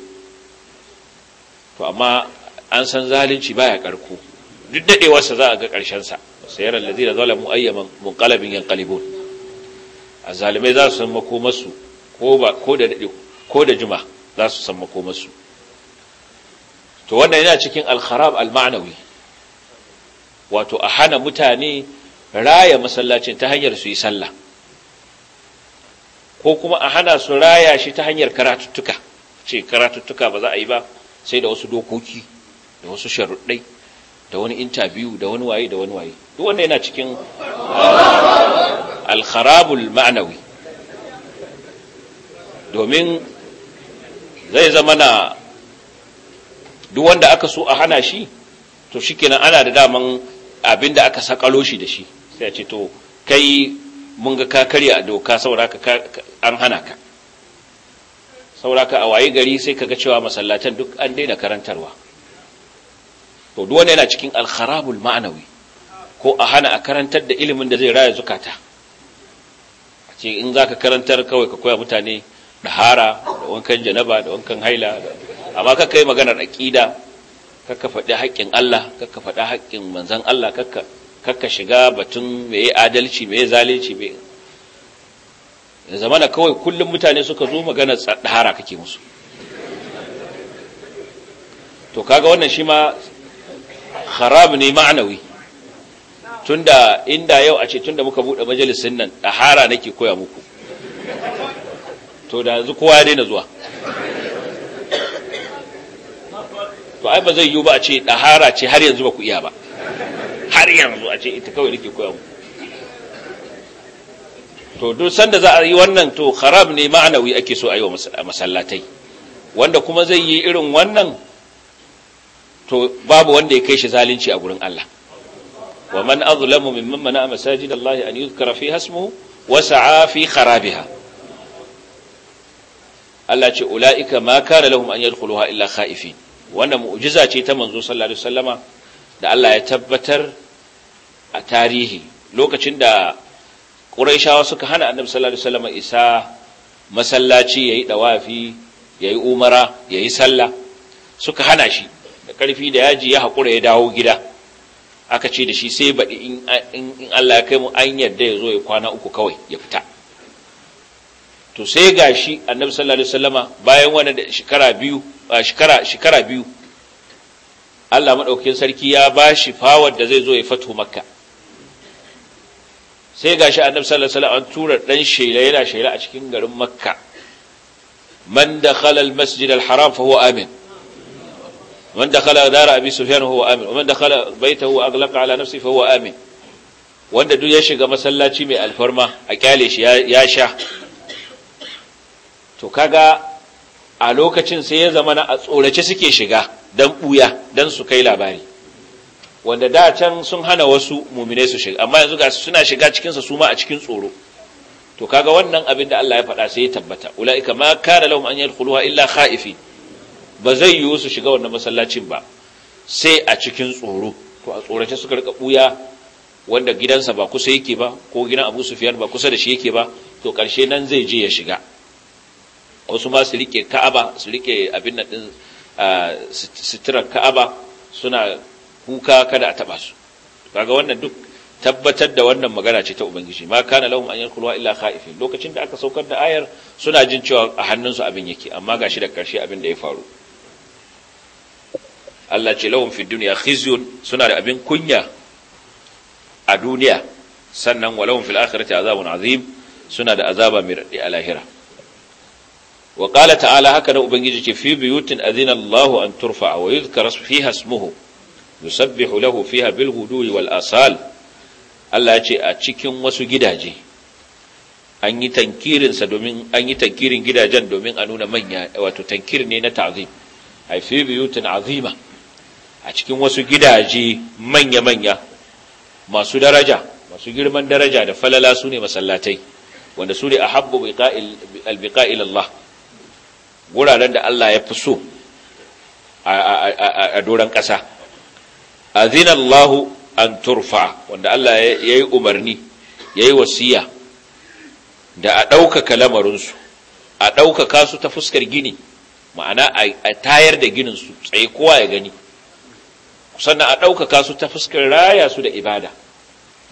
to amma an san zalunci baya karko duk daɗewarsa za a ga ƙarshensa sayar allazi da zalamu ayyaman munqalabin yanqalibun azalimai za su san makomarsu ko ba ko da juma za su san makomarsu to wannan yana cikin alharab kharab wato a hana mutane raya masallacin ta hanyar su yi sallah ko kuma a hana su raya shi ta hanyar karatuttuka ce karatuttuka ba za a yi ba sai da wasu dokoki da wasu sharuɗai da wani interview da wani waye da wani waye duk wanda yana cikin al al-kharabul ma'anawi domin zai zama na duk wanda aka so a hana shi to shikenan ana da daman abinda aka sakalo shi da shi sai a ce to kai mun ga ka karya doka sauraka an hana ka sauraka a waye gari sai kaga cewa masallatan duk an daina karantarwa to duk wanda yana cikin alkharabul ma'anawi ko a hana a karantar da ilimin da zai raya zukata a ce in zaka karantar kawai ka koya mutane da hara, da wankan janaba da wankan haila amma ka kai maganar aqida kakka faɗi haƙƙin Allah kakka faɗi haƙƙin manzon Allah kakka shiga batun yi adalci zalici, zalunci yi. ya zamana kawai kullum mutane suka zo maganar dahara kake musu to kaga wannan shi ma haram ne ma'anawi tunda inda yau a ce tunda muka bude majalisin nan dahara nake koya muku to da yanzu kowa ya daina zuwa to ai ba zai yiwu ba a ce dahara ce har yanzu ba ku iya ba har yanzu a ce ita kawai nake koya muku to duk sanda za a yi wannan to kharab ne ma'anawi ake so a yi wa masallatai wanda kuma zai yi irin wannan to babu wanda ya kai shi zalunci a gurin Allah wa man azlamu mimman mana masajid Allah an yuzkara fi hasmuhu wa fi kharabiha Allah ce ulaika ma kana lahum an yadkhuluha illa khaifin wannan mu'jiza ce ta manzo sallallahu alaihi wasallama da Allah ya tabbatar a tarihi lokacin da Qurayshawa suka hana Annabi sallallahu alaihi wasallama isa masallaci yayi dawafi yayi umara yayi sallah suka hana shi da ƙarfi da yaji ya haƙura ya dawo gida aka ce da shi sai baɗi in Allah ya kai mu an yarda ya zo ya kwana uku kawai ya fita to sai ga shi annabi sallallahu alaihi wasallama bayan wani da shekara biyu shekara shekara biyu Allah madaukakin sarki ya ba shi fawar da zai zo ya fato makka sai ga shi annabi sallallahu alaihi wasallam an tura dan shela yana shela a cikin garin makka man dakhala al-masjid al-haram fa huwa amin من دخل دار أبي سفيان هو آمن ومن دخل بيته وأغلق على نفسه فهو آمن wanda duk ya shiga masallaci mai alfarma a kyale shi ya sha to kaga a lokacin sai ya zama a tsorace suke shiga don ɓuya don su kai labari wanda da can sun hana wasu muminai su shiga amma yanzu suna shiga cikinsa su ma a cikin tsoro to kaga wannan abin da Allah ya faɗa sai ya tabbata ula'ika ma kana lahum an yadkhuluha illa ka'ifi. ba zai yiwu su shiga wannan masallacin ba sai a cikin tsoro to a tsorace suka rika buya wanda gidansa ba kusa yake ba ko gidan Abu Sufyan ba kusa da shi yake ba to karshe nan zai je ya shiga wasu ma su rike Ka'aba su rike abin nan din sitirar Ka'aba suna kuka kada a taba su kaga wannan duk tabbatar da wannan magana ce ta ubangiji ma kana lahum an yakulu illa khaifin lokacin da aka saukar da ayar suna jin cewa a hannunsu abin yake amma gashi da karshe abin da ya faru Allah ce lawan fi duniya. khizyun suna da abin kunya a duniya sannan walahum fil akhirati azabun azim suna da azaba mai radi a lahira wa qala ta'ala haka da ubangiji ce fi buyutin azina Allah an turfa wa yuzkar fiha ismuhu yusabbihu lahu fiha bil ghudwi wal asal Allah ya ce a cikin wasu gidaje an yi tankirinsa domin an yi tankirin gidajen domin a nuna manya wato tankir ne na ta'zim ai fi buyutin azima a cikin wasu gidaje manya-manya masu daraja masu girman daraja da falala su ne masallatai wanda su ne a habbu albiƙa'il Allah wuraren da Allah ya fi so a doron ƙasa azinallahu an turfa wanda Allah ya yi umarni ya yi wasiya da a ɗaukaka lamarinsu a ɗaukaka su ta fuskar gini ma'ana a tayar da gininsu tsaye kowa ya gani sannan a ɗaukaka su ta fuskar raya su da ibada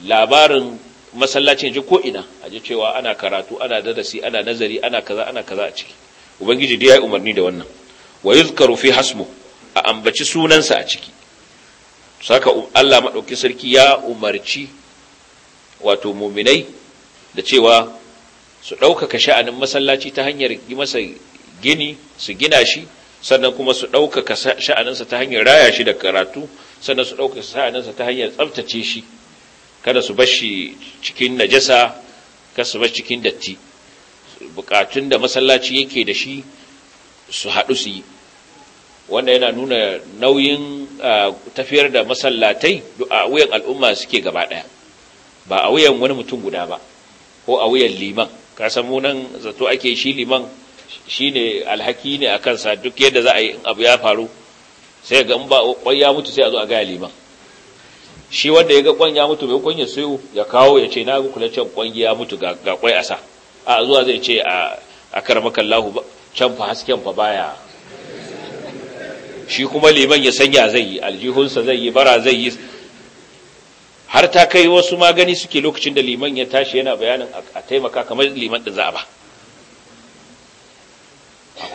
labarin masallacin ji ko'ina a ji cewa ana karatu ana darasi ana nazari ana kaza ana kaza a ciki ubangiji dai ya umarni da wannan wa yuzkaru fi hasmu a ambaci sunansa a ciki saka Allah madauki sarki ya umarci wato muminai da cewa su ɗaukaka sha'anin masallaci ta hanyar yi masa gini su gina shi sannan kuma su ɗaukaka sha'aninsa ta hanyar raya shi da karatu sannan su ɗaukaka sha'aninsa ta hanyar tsabtace shi kada su bashi cikin najasa kada su bashi cikin datti bukatun da masallaci yake da shi su haɗu su yi wanda yana nuna nauyin tafiyar da masallatai a wuyan al'umma suke gaba ɗaya ba a wuyan wani mutum guda ba ko a wuyan liman ka san munan zato ake shi liman shi ne alhaki ne a kansa duk yadda za a yi abu ya faru sai ga ba kwan ya mutu sai a zo a gaya liman shi wanda ya ga kwan ya mutu bai kwan ya ya kawo ya ce na ga kula can kwan ya mutu ga kwai a sa a zuwa zai ce a karmakan lahu can fa hasken fa baya shi kuma liman ya sanya zai yi aljihunsa zai yi bara zai yi har ta kai wasu magani suke lokacin da liman ya tashi yana bayanin a taimaka kamar liman da za a ba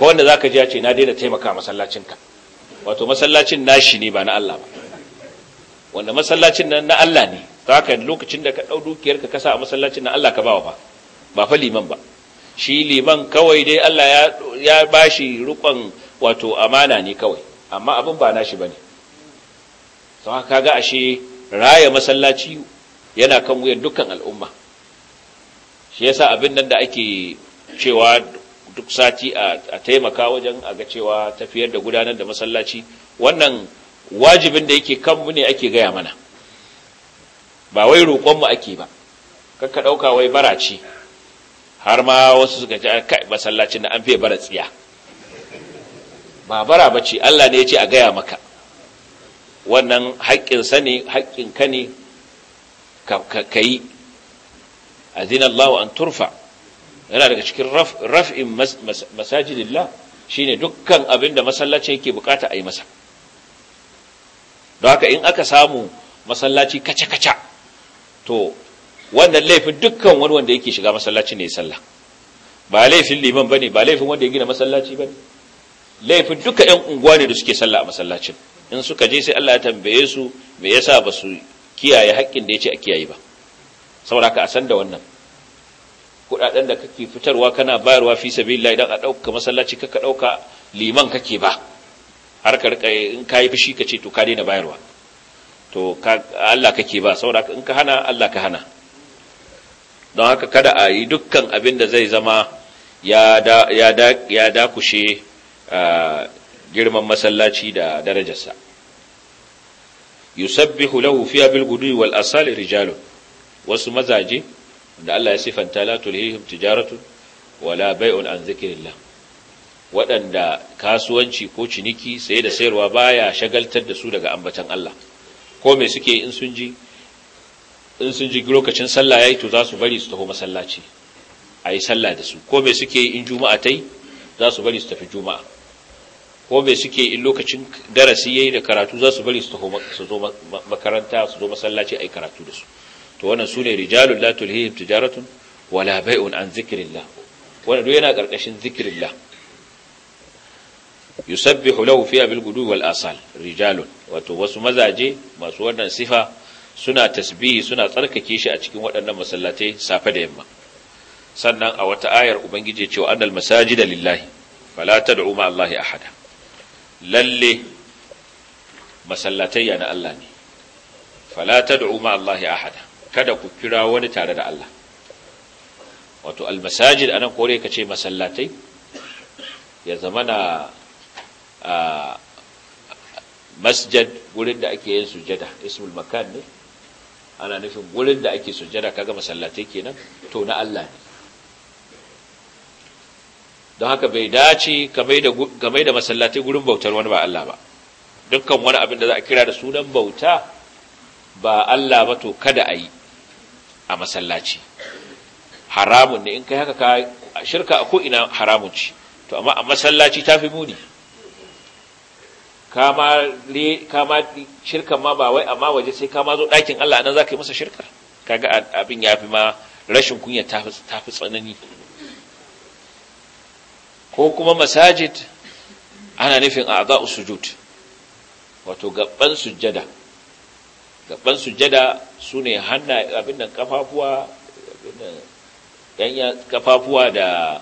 ko wanda zaka ji ya ce na daina taimaka masallacin ka wato masallacin nashi ne ba na Allah ba wanda masallacin nan na Allah ne zaka lokacin da ka dau dukiyar ka kasa a masallacin nan Allah ka bawa ba ba fa liman ba shi liman kawai dai Allah ya ya bashi rukun wato amana ne kawai amma abin ba nashi bane sai haka ga ashe raya masallaci yana kan wuyan dukkan al'umma shi yasa abin nan da ake cewa duk sati a taimaka wajen a ga cewa tafiyar da gudanar da masallaci wannan wajibin da yake kanmu ne ake gaya mana ba wai roƙonmu ake ba kakka ɗauka wai bara ce har ma wasu suka ce kai masallacin da an fiye bara tsiya ba bara ba ce Allah ne ya ce a gaya maka wannan haƙƙinsa ne haƙƙinka ne ka yi azinallahu an turfa yana daga cikin raf'in masajidillah shine dukkan abinda da masallaci yake bukata a yi masa don haka in aka samu masallaci kaca-kaca to wannan laifin dukkan wani wanda yake shiga masallaci ne sallah ba laifin liman bane ba laifin wanda ya gina masallaci bane laifin duka 'yan unguwa ne da suke salla a masallacin in suka je sai Allah ya tambaye su me yasa ba su kiyaye haƙƙin da yace a kiyaye ba saboda haka a san da wannan kudaden da kake fitarwa kana bayarwa fi sabilillah idan a dauka masallaci kaka dauka liman kake ba har ka rika in kai fushi kace to ka daina bayarwa to Allah kake ba saboda in ka hana Allah ka hana don haka kada a yi dukkan abin da zai zama ya da ya da kushe girman masallaci da darajarsa yusabbihu lahu fiya bil wal asali Rijalu wasu mazaje da Allah ya sifanta la tulhihim tijaratu wala bai'un an zikrillah waɗanda kasuwanci ko ciniki saye da sayarwa baya shagaltar da su daga ambatan Allah ko me suke in sun ji in sun ji lokacin sallah yayi to za su bari su taho masallaci ayi sallah da su ko me suke in juma'a tai za su bari su tafi juma'a ko me suke in lokacin darasi yayi da karatu za su bari su taho su zo makaranta su zo masallaci ayi karatu da su to wannan sune rijalul la tulhihim tijaratun wala bai'un an zikrillah wannan duk yana karkashin zikrillah yusabbihu lahu fiha bil gudu wal asal rijalun wato wasu mazaje masu wannan sifa suna tasbihi suna tsarkake shi a cikin waɗannan masallatai safe da yamma sannan a wata ayar ubangiji cewa annal masajida lillahi fala tad'u ma allahi ahada lalle masallatai na Allah ne fala tad'u ma allahi ahada kada ku kira wani tare da Allah wato almasajid anan kore ka ce masallatai ya zama na masjad gurin da ake yin sujada ismul makan ne ana nufin gurin da ake sujada kaga masallatai kenan to na Allah ne don haka bai dace game da masallatai gurin bautar wani ba Allah ba dukkan wani abin da za a kira da sunan bauta ba Allah ba to kada a yi a masallaci haramun ne in kai haka ka shirka a ko'ina haramun ci to amma a masallaci ta fi muni kama shirka ma ba wai amma waje sai kama zo ɗakin Allah nan za ka yi masa shirka kaga abin ya fi ma rashin kunya ta fi tsanani ko kuma masajid ana nufin a sujud wato gaban sujjada gaban sujada su ne hanna abin da kafafuwa ɗanya kafafuwa da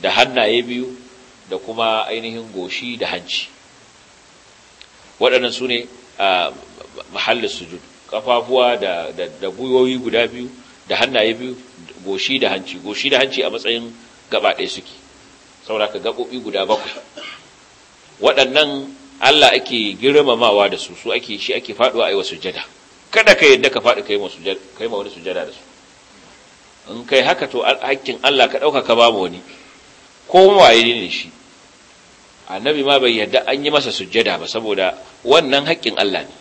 da hannaye biyu da kuma ainihin goshi da hanci waɗannan su ne a mahallin sujud kafafuwa da da gwiwoyi guda biyu da hannaye biyu goshi da hanci goshi da hanci a matsayin gaba ɗaya suke saboda ka gaɓoɓi guda bakwai waɗannan Allah ake girmamawa da su su ake shi ake faduwa a yi wa sujada kada ka yadda ka faɗi kai ma wani sujada da su in kai haka to hakkin Allah ka ɗauka ka ba mu wani ko waye ne shi annabi ma bai yadda an yi masa sujada ba saboda wannan hakkin Allah ne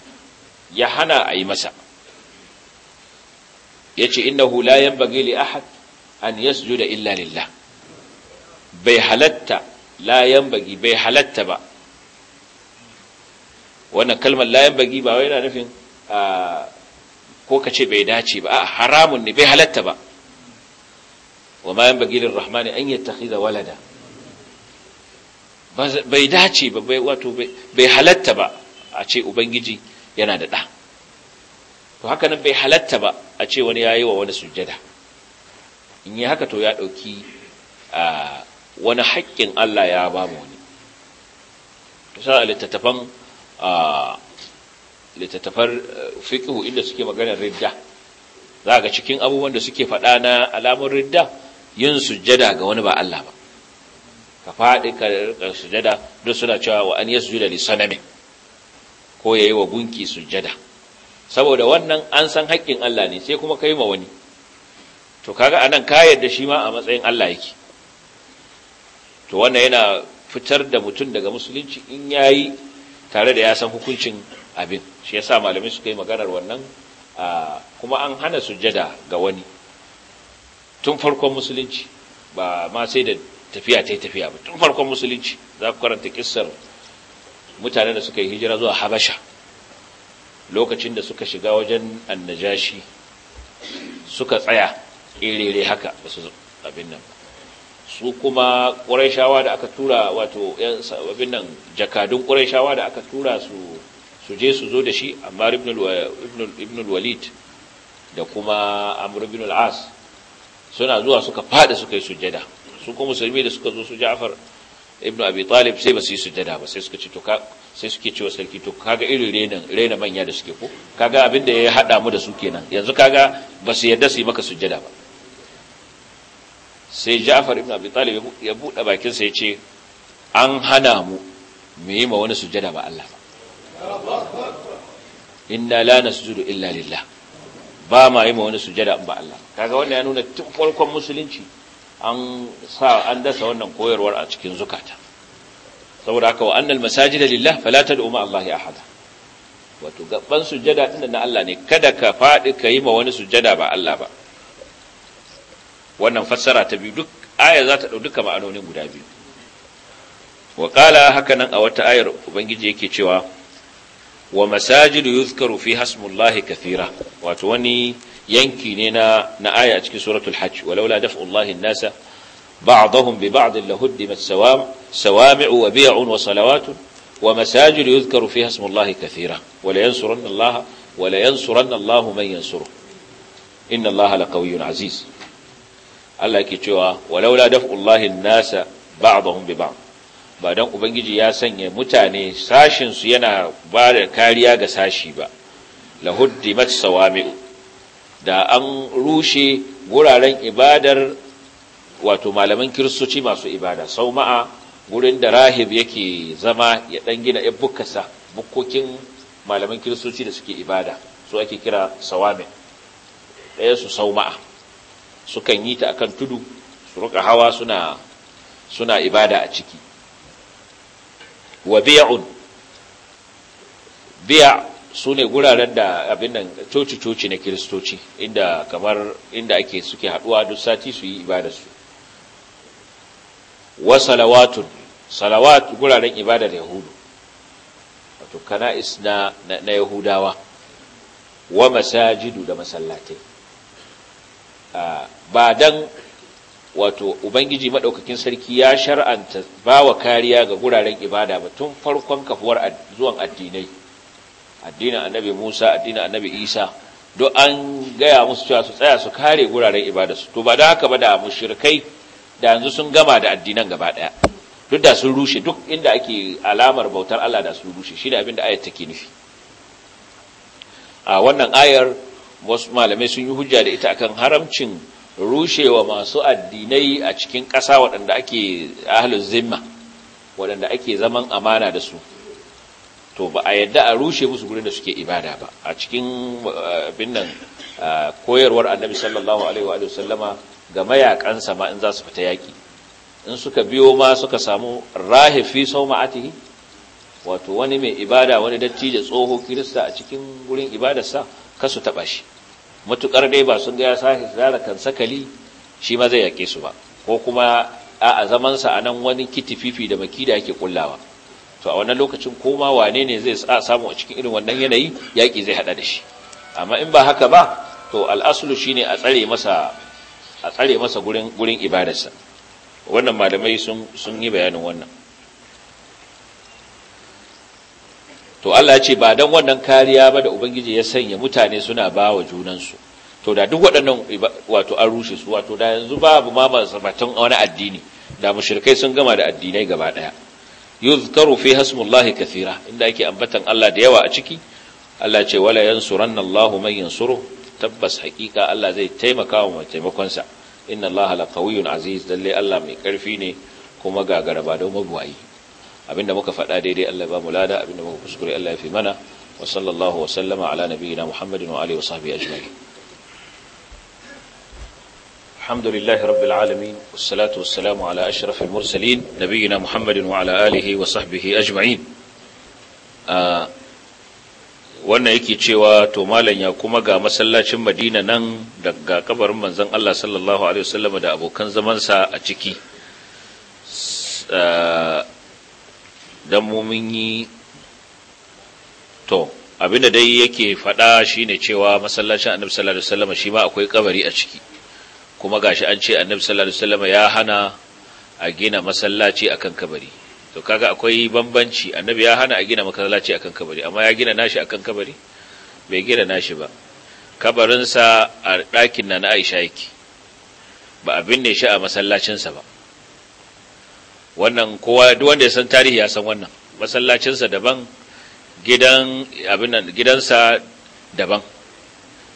ya hana a yi masa yace innahu la yanbaghi li ahad an yasjuda illa lillah bai halatta la yanbaghi bai halatta ba wannan kalmar layan bagi ba wai yana nufin ko ka ce bai dace ba a haramun ne bai halatta ba wa ma yan bagi rahmani an da walada bai dace ba wato bai halatta ba a ce ubangiji yana da ɗa to haka nan bai halatta ba a ce wani ya yi wa wani sujada. in yi haka to ya ɗauki wani haƙƙin Allah ya ba mu wani. Tusa littattafan a littattafar eh, fiƙihu inda suke maganar ridda za ga cikin abubuwan da suke faɗa na alamun ridda yin sujjada ga wani ba Allah ba ka faɗi ka sujjada duk suna cewa wa an yasjuda li sanamin ko yayi wa gunki sujjada saboda wannan an san haƙƙin Allah ne sai kuma ka yi ma wani to kaga anan ka yarda shi ma a matsayin Allah yake to wannan yana fitar da mutum daga musulunci in yayi tare da ya san hukuncin abin shi yasa malamai suka yi maganar wannan kuma an hana sujada ga wani tun farkon musulunci ba ma sai da tafiya ta yi tafiya ba tun farkon musulunci za ku karanta kisar mutanen da suka yi hijira zuwa habasha lokacin da suka shiga wajen annajashi suka tsaya irere haka ba su abin nan ba su kuma ƙurayshawa da aka tura wato yan nan jakadun ƙurayshawa da aka tura su su je su zo da shi amma ibn walid da kuma Amur ibn al’as suna zuwa suka fada suka yi sujada su kuma musulmi da suka zo su ja'far ibn abi talib sai ba su yi sujada ba sai suka ce to sai suke cewa sarki to kaga irin renan rena manya da suke ko kaga abin da ya hada mu da su kenan yanzu kaga ba su yarda su yi maka sujada ba sai Ja'far ibn Abi Talib ya buɗe bakin sa yace an hana mu mu yi ma wani sujada ba Allah inna la nasjudu illa lillah ba ma yi ma wani sujada ba Allah kaga wannan ya nuna tun farkon musulunci an sa an dasa wannan koyarwar a cikin zukata saboda haka wa annal masajida lillah fala tad'u ma Allah ahada wato gaban sujada din na Allah ne kada ka fadi ka yi ma wani sujada ba Allah ba wannan fassara ta biyu duk aya za ta ɗau duka ma'anonin guda biyu wa ƙala haka nan a wata ayar ubangiji yake cewa wa masajidu yuzkaru fi hasmullahi kathira wato wani yanki ne na na aya a cikin suratul hajj walaula daf'ullahi an-nasa ba'dahum bi ba'd lahuddimat sawam sawami'u wa bi'un wa salawatun wa masajidu yuzkaru fi hasmullahi kathira wa la yansuranna Allah wa la yansuranna Allah man yansuruh inna Allah laqawiyyun aziz Allah ke cewa walaula daf'ullahi nasa ba'dahum bi ba'd ba dan ubangiji ya sanya mutane sashin su yana ba da kariya ga sashi ba lahuddimat sawami'u da an rushe guraren ibadar wato malaman kiristoci masu ibada sauma'a gurin da rahib yake zama ya dan gina ya bukokin bukkokin malaman kiristoci da suke ibada su ake kira sawami ɗaya su sauma'a sukan yi ta akan tudu su ruka hawa suna suna ibada a ciki wa bi'un bi'a su ne guraren da abin nan coci-coci na kiristoci inda kamar inda ake suke haduwa duk sati su yi ibada su wa salawatun salawat guraren ibadar yahudu wato kana'is na, na yahudawa wa masajidu da masallatai ba dan wato ubangiji madaukakin sarki ya shar'anta ba wa kariya ga guraren ibada ba tun farkon kafuwar zuwan addinai addinin annabi Musa addinin annabi Isa don an gaya musu cewa su tsaya su kare guraren ibada su to ba da haka ba da mushrikai da yanzu sun gama da addinan gaba daya duk da sun rushe duk inda ake alamar bautar Allah da sun rushe shi da abin da ayat take nufi a wannan ayar wasu malamai sun yi hujja da ita akan haramcin rushewa masu addinai a cikin ƙasa waɗanda ake ahlul zimma waɗanda ake zaman amana da su to ba a yadda a rushe musu gurin da suke ibada ba a cikin eh, abin nan eh, koyarwar annabi sallallahu alaihi wa sallama ga mayakansa ma in za su fita yaki in suka biyo ma suka samu rahifi sau ma'atihi wato wani mai ibada wani datti da tsoho kirista a cikin gurin ibadarsa kasu taɓa shi matuƙar dai ba sun ga ya sahi zara kan sakali shi ma zai yake su ba ko kuma a zaman sa a nan wani kitififi da makida yake kullawa to a wannan lokacin koma wane ne zai samu a cikin irin wannan yanayi yaki zai haɗa da shi amma in ba haka ba to al'aslu shine a tsare masa a tsare masa gurin ibadarsa wannan malamai sun yi bayanin wannan to Allah ya ce ba dan wannan kariya ba da ubangiji ya sanya mutane suna bawa junansu to da duk waɗannan wato an rushe su wato da yanzu babu ma masabatan wani addini da mushrikai sun gama da addinai gaba daya yuzkaru fi hasmullahi kathira inda ake ambatan Allah da yawa a ciki Allah ce wala yansuranna Allah man yansuru tabbas haqiqa Allah zai taimaka wa taimakon sa inna Allah laqawiyyun aziz dalle Allah mai karfi ne kuma gagaraba da mabuwayi abinda muka faɗa daidai Allah ba mu lada abinda muka kuskure Allah ya fi mana wa sallallahu wa sallama ala nabiyyina Muhammadin wa alihi wa sahbihi ajma'in alhamdulillahi rabbil alamin wassalatu wassalamu ala ashrafil mursalin nabiyyina Muhammadin wa ala alihi wa sahbihi ajma'in wannan yake cewa to malam ya kuma ga masallacin Madina nan daga kabarin manzon Allah sallallahu alaihi wasallam da abokan zamansa a ciki dan mu yi to abinda dai yake faɗa shine cewa masallacin annabi sallallahu alaihi wasallam shi ma akwai kabari a ciki kuma gashi an ce annabi sallallahu alaihi wasallam ya hana a gina masallaci akan kabari to kaga akwai bambanci annabi ya hana a gina masallaci akan kabari amma ya gina nashi akan kabari bai gina nashi ba kabarinsa a dakin na na Aisha yake ba abin ne shi a a masallacinsa ba wannan kowa duk wanda ya san tarihi ya san wannan masallacinsa daban gidan abin nan gidansa daban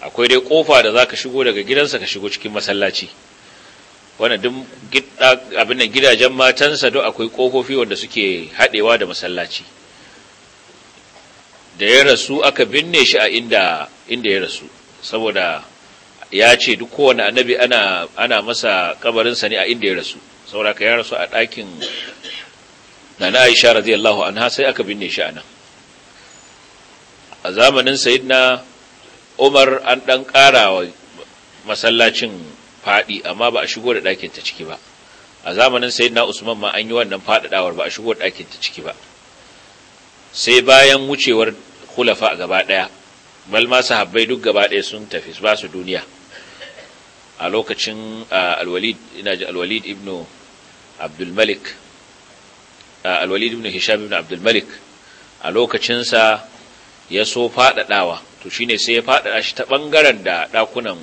akwai dai kofa da zaka shigo daga gidansa ka shigo cikin masallaci wannan duk abin nan gidajen matansa duk akwai kofofi wanda suke hadewa da masallaci da ya rasu aka binne shi a inda inda ya rasu saboda ya ce duk kowane annabi ana ana masa kabarinsa ne a inda ya rasu saboda ya rasu a ɗakin na Aisha radiyallahu anha sai aka binne shi anan a zamanin sayyidina Umar an dan karawa masallacin faɗi, amma ba a shigo da ɗakin ta ciki ba a zamanin sayyidina Usman ma an yi wannan faɗaɗawar ba a shigo da ɗakin ta ciki ba sai bayan wucewar hulafa gaba daya malma sahabbai duk gaba daya sun tafi ba su duniya a lokacin alwalid ina ji alwalid ibn abdulmalik alwalid ibn hisham ibn abdulmalik a lokacinsa ya so faɗaɗawa to shine sai ya faɗaɗa shi ta ɓangaren da ɗakunan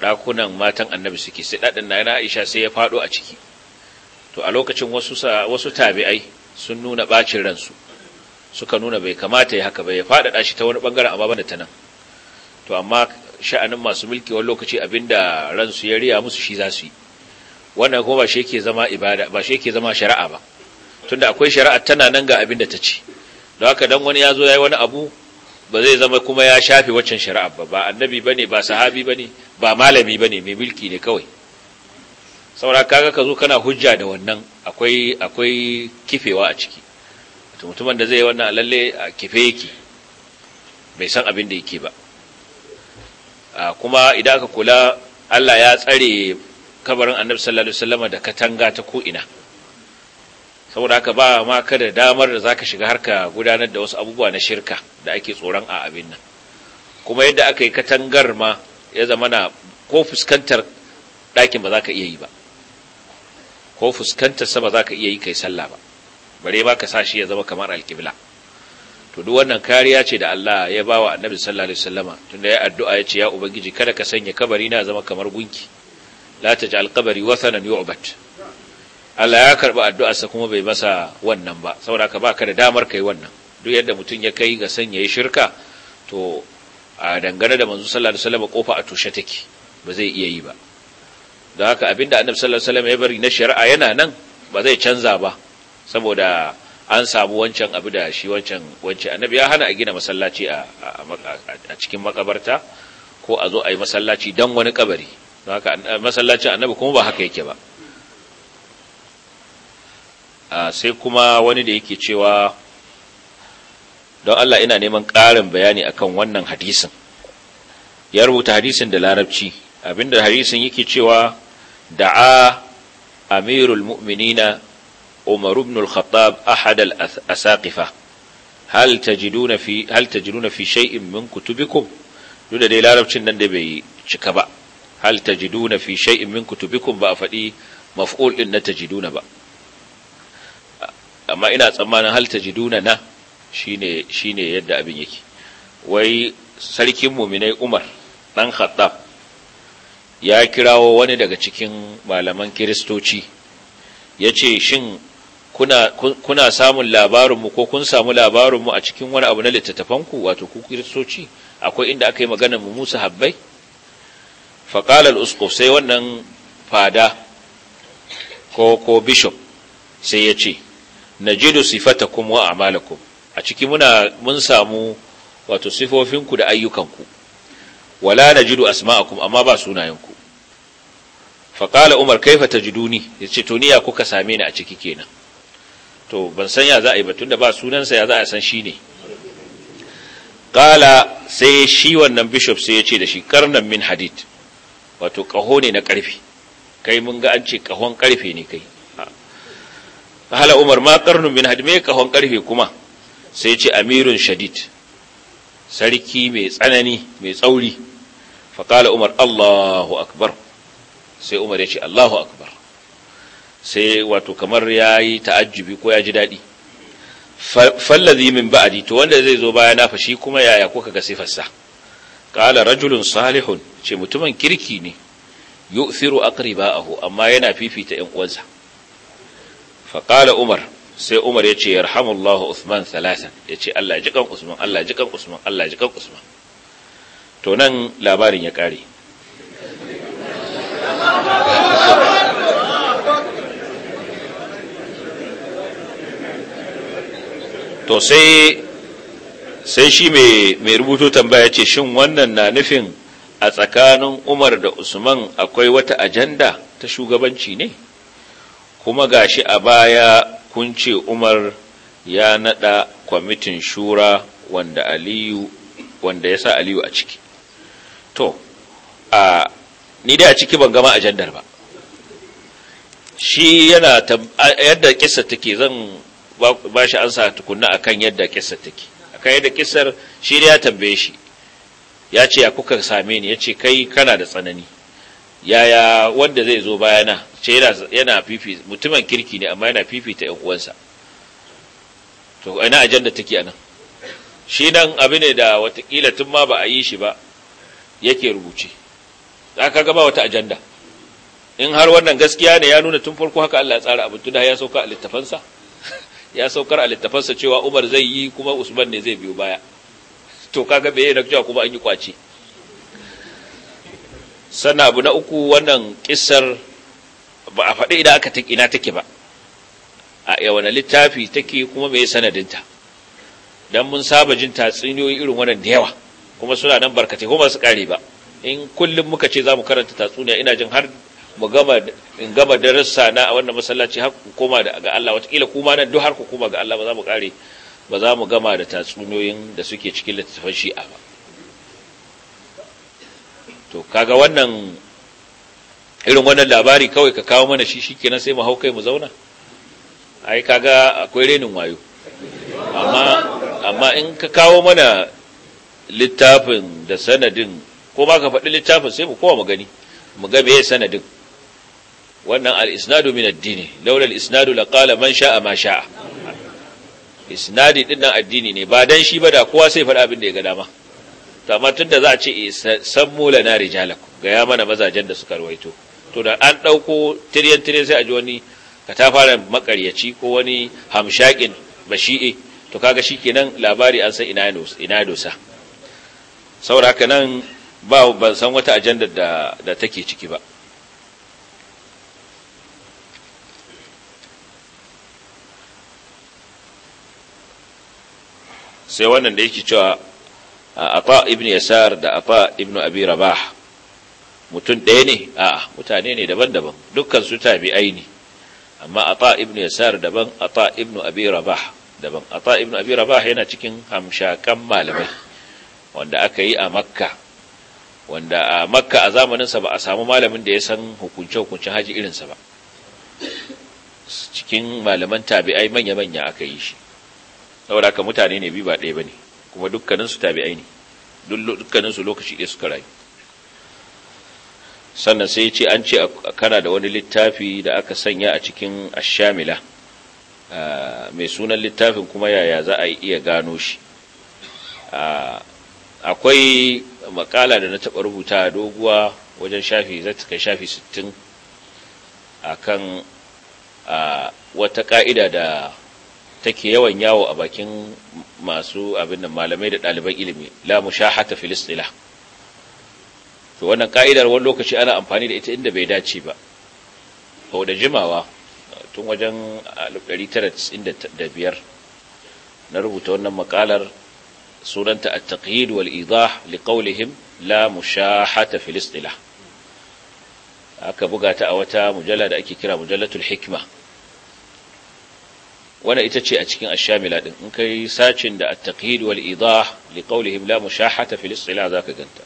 ɗakunan matan annabi suke sai ɗaɗin na yana aisha sai ya faɗo a ciki to a lokacin wasu tabi'ai sun nuna ɓacin ransu suka nuna bai kamata ya haka ba ya faɗaɗa shi ta wani ɓangaren amma da ta nan to amma sha'anin masu mulki wani lokaci abinda ransu ya riya musu shi za su yi wannan kuma ba shi yake zama ibada ba shi yake zama shari'a ba tunda akwai shari'a tana nan ga abinda ta ci. don haka dan wani yazo zo ya wani abu ba zai zama kuma ya shafe waccan shari'a ba ba annabi bane ba sahabi bane ba malami bane mai mulki ne kawai saboda kaga ka zo kana hujja da wannan akwai akwai kifewa a ciki mutumin da zai yi wannan lalle a kife yake bai san abin da yake ba Ah, kuma idan aka kula Allah ya tsare kabarin annabi sallallahu alaihi wasallam da katanga ta ko'ina saboda haka ba ma ka da damar da zaka shiga harka gudanar da wasu abubuwa na shirka da ake tsoron a abin nan kuma yadda aka yi katangar ma ya zama na ko fuskantar ɗakin ba za ka iya yi ba ko fuskantar sa ba za ka iya yi kai sallah ba bare ba ka sa shi ya zama kamar alkibla to duk wannan kariya ce da Allah ya bawa annabi sallallahu alaihi wasallama tunda ya addu'a ya ce ya ubangiji kada ka sanya kabari na zama kamar gunki la taj'al qabri wathanan yu'bad Allah ya karba sa kuma bai masa wannan ba saboda ka baka da damar kai wannan duk yadda mutum ya kai ga sanya ya shirka to a dangane da manzo sallallahu alaihi wasallama kofa a tushe take ba zai iya yi ba don haka abinda annabi sallallahu alaihi wasallama ya bari na shari'a yana nan ba zai canza ba saboda an samu wancan abu da shi wancan wancan annabi ya hana a gina masallaci a cikin makabarta ko a zo a yi masallaci don wani kabari don haka masallacin annabi kuma ba haka yake ba sai kuma wani da yake cewa don Allah ina neman ƙarin bayani akan wannan hadisin ya rubuta hadisin da larabci abinda hadisin yake cewa da'a amirul mu'minina عمر بن الخطاب أحد الأساقفة هل تجدون في هل تجدون في شيء من كتبكم duk da dai larabcin nan da bai cika ba hal tajiduna fi shay'in min kutubikum ba a faɗi maf'ul din na ba amma ina tsammanin hal tajiduna na shine shine yadda abin yake wai sarkin muminai Umar dan Khattab ya kirawo wani daga cikin malaman kiristoci yace shin kuna kuna samun labarinmu ko kun samu labarinmu a cikin wani abu na littattafanku wato ku akwai inda aka yi magana mu musa habbai faƙalar uskuf sai wannan fada ko ko bishop sai ya ce na sifata kuma a amalakum a ciki muna mun samu wato sifofinku da ayyukanku wala na jidu asma'akum amma ba sunayenku faƙalar umar kaifa ta jiduni ya ce to niya kuka same ni a ciki kenan to ban san ya za a yi ba tunda ba sunansa ya za a san shi ne kala sai shi wannan bishop sai ya ce da shi karnan min hadid wato kaho ne na karfe kai mun ga an ce kahon karfe ne kai hala umar ma karnun min hadid me kahon karfe kuma sai ce amirun shadid sarki mai tsanani mai tsauri faƙala umar allahu akbar sai umar ya ce allahu akbar sai wato kamar ya yi ta'ajjubi ko ya ji daɗi fallazi min ba'adi to wanda zai zo baya na fashi kuma yaya kuka ga sifarsa qala rajulun salihun ce mutumin kirki ne yu'thiru aqriba'ahu amma yana fifita ƴan uwansa fa qala umar sai umar yace yarhamullahu usman thalathan yace Allah jikan usman Allah jikan usman Allah jikan usman to nan labarin ya kare to sai sai shi mai rubuto tambaya ce shin wannan na nufin a tsakanin umar da usman akwai wata ajanda ta shugabanci ne kuma gashi a baya kun ce umar ya nada kwamitin shura wanda aliyu wanda ya sa aliyu a ciki to a ni da a ciki ban gama ajandar ba shi yana yadda kisa take zan ba shi sa tukunna akan yadda kisa take akan yadda kisar shi ne ya tambaye shi ya ce ya kuka same ni ya ce kai kana da tsanani yaya wanda zai zo bayana ce yana fifi mutumin kirki ne amma yana fifita ‘yan uwansa to ina ajanda take anan shi nan abu ne da watakila tun ma ba a yi shi ba yake rubuce za ka gaba wata ajanda in har wannan gaskiya ne ya nuna tun farko haka Allah ya tsara abin tuna ya sauka a littafansa ya saukar a littafansa cewa Umar zai yi kuma Usman ne zai biyo baya to kaga bai yana cewa kuma an yi kwaci sannan abu na uku wannan kissar ba a faɗi idan aka ina take ba a yawan littafi take kuma mai sanadinta dan mun saba jin tatsuniyoyi irin wannan da yawa kuma suna nan barkatai kuma su kare ba in kullum muka ce za mu karanta tatsuniya ina jin har mu gama in gama darussa na a wannan masallaci har ku koma ga Allah watakila kuma nan duk har ku koma ga Allah ba za mu kare ba za mu gama da tatsuniyoyin da suke cikin littattafan shi'a ba to kaga wannan irin wannan labari kawai ka kawo mana shi shikenan sai mu hau kai mu zauna ai kaga akwai renin wayo amma amma in ka kawo mana littafin da sanadin ko ba ka faɗi littafin sai mu kowa mu gani mu ga me sanadin wannan al’isnadu min addini laula al-isnadu man sha'a ma sha'a isnadi ɗin nan addini ne ba dan shi ba da kowa sai faɗa abin da ya ga dama to amma tunda za a ce eh, san na rijalaku ga ya mana mazajen da suka ruwaito to da an ɗauko tiryan tiryan sai a ji wani ka makaryaci ko wani hamshakin bashi'i to kaga shi kenan labari an san ina ina dosa saboda haka nan ba ban san wata ajandar da take ciki ba sai wannan da yake cewa ata ibn yasar da ata ibn abi rabah mutun ɗaya ne a mutane ne daban-daban dukkan su tabi'ai ne amma ata ibn yasar daban ata ibn abi rabah daban ata ibn abi rabah yana cikin hamshakan malamai wanda aka yi a makka wanda a makka a zamaninsa ba a samu malamin da ya san hukunce-hukuncen haji irinsa ba cikin malaman tabi'ai manya-manya aka yi shi saboda ka mutane ne bi ba ɗaya ba ne kuma dukkanin su tabi'ai ne dukkanin lokaci ɗaya suka rayu sannan sai ce an ce kana da wani littafi da aka sanya a cikin ashamila mai sunan littafin kuma yaya za a iya gano shi akwai makala da na taɓa rubuta doguwa wajen shafi za ta kai shafi 60 akan wata ka'ida da take yawan yawo a bakin masu abin nan malamai da ɗaliban ilimi la mushahata fil istilah to wannan ka'idar wani lokaci ana amfani da ita inda bai dace ba ko da jimawa tun wajen 1995 na rubuta wannan makalar sunanta at-taqyid wal idah li qawlihim la mushahata fil istilah aka buga ta a wata mujalla da ake kira mujallatul hikma wannan ita ce a cikin ashamila din in kai sacin da at-taqhid wal idah li qawlihim la mushahata fil istila zaka ganta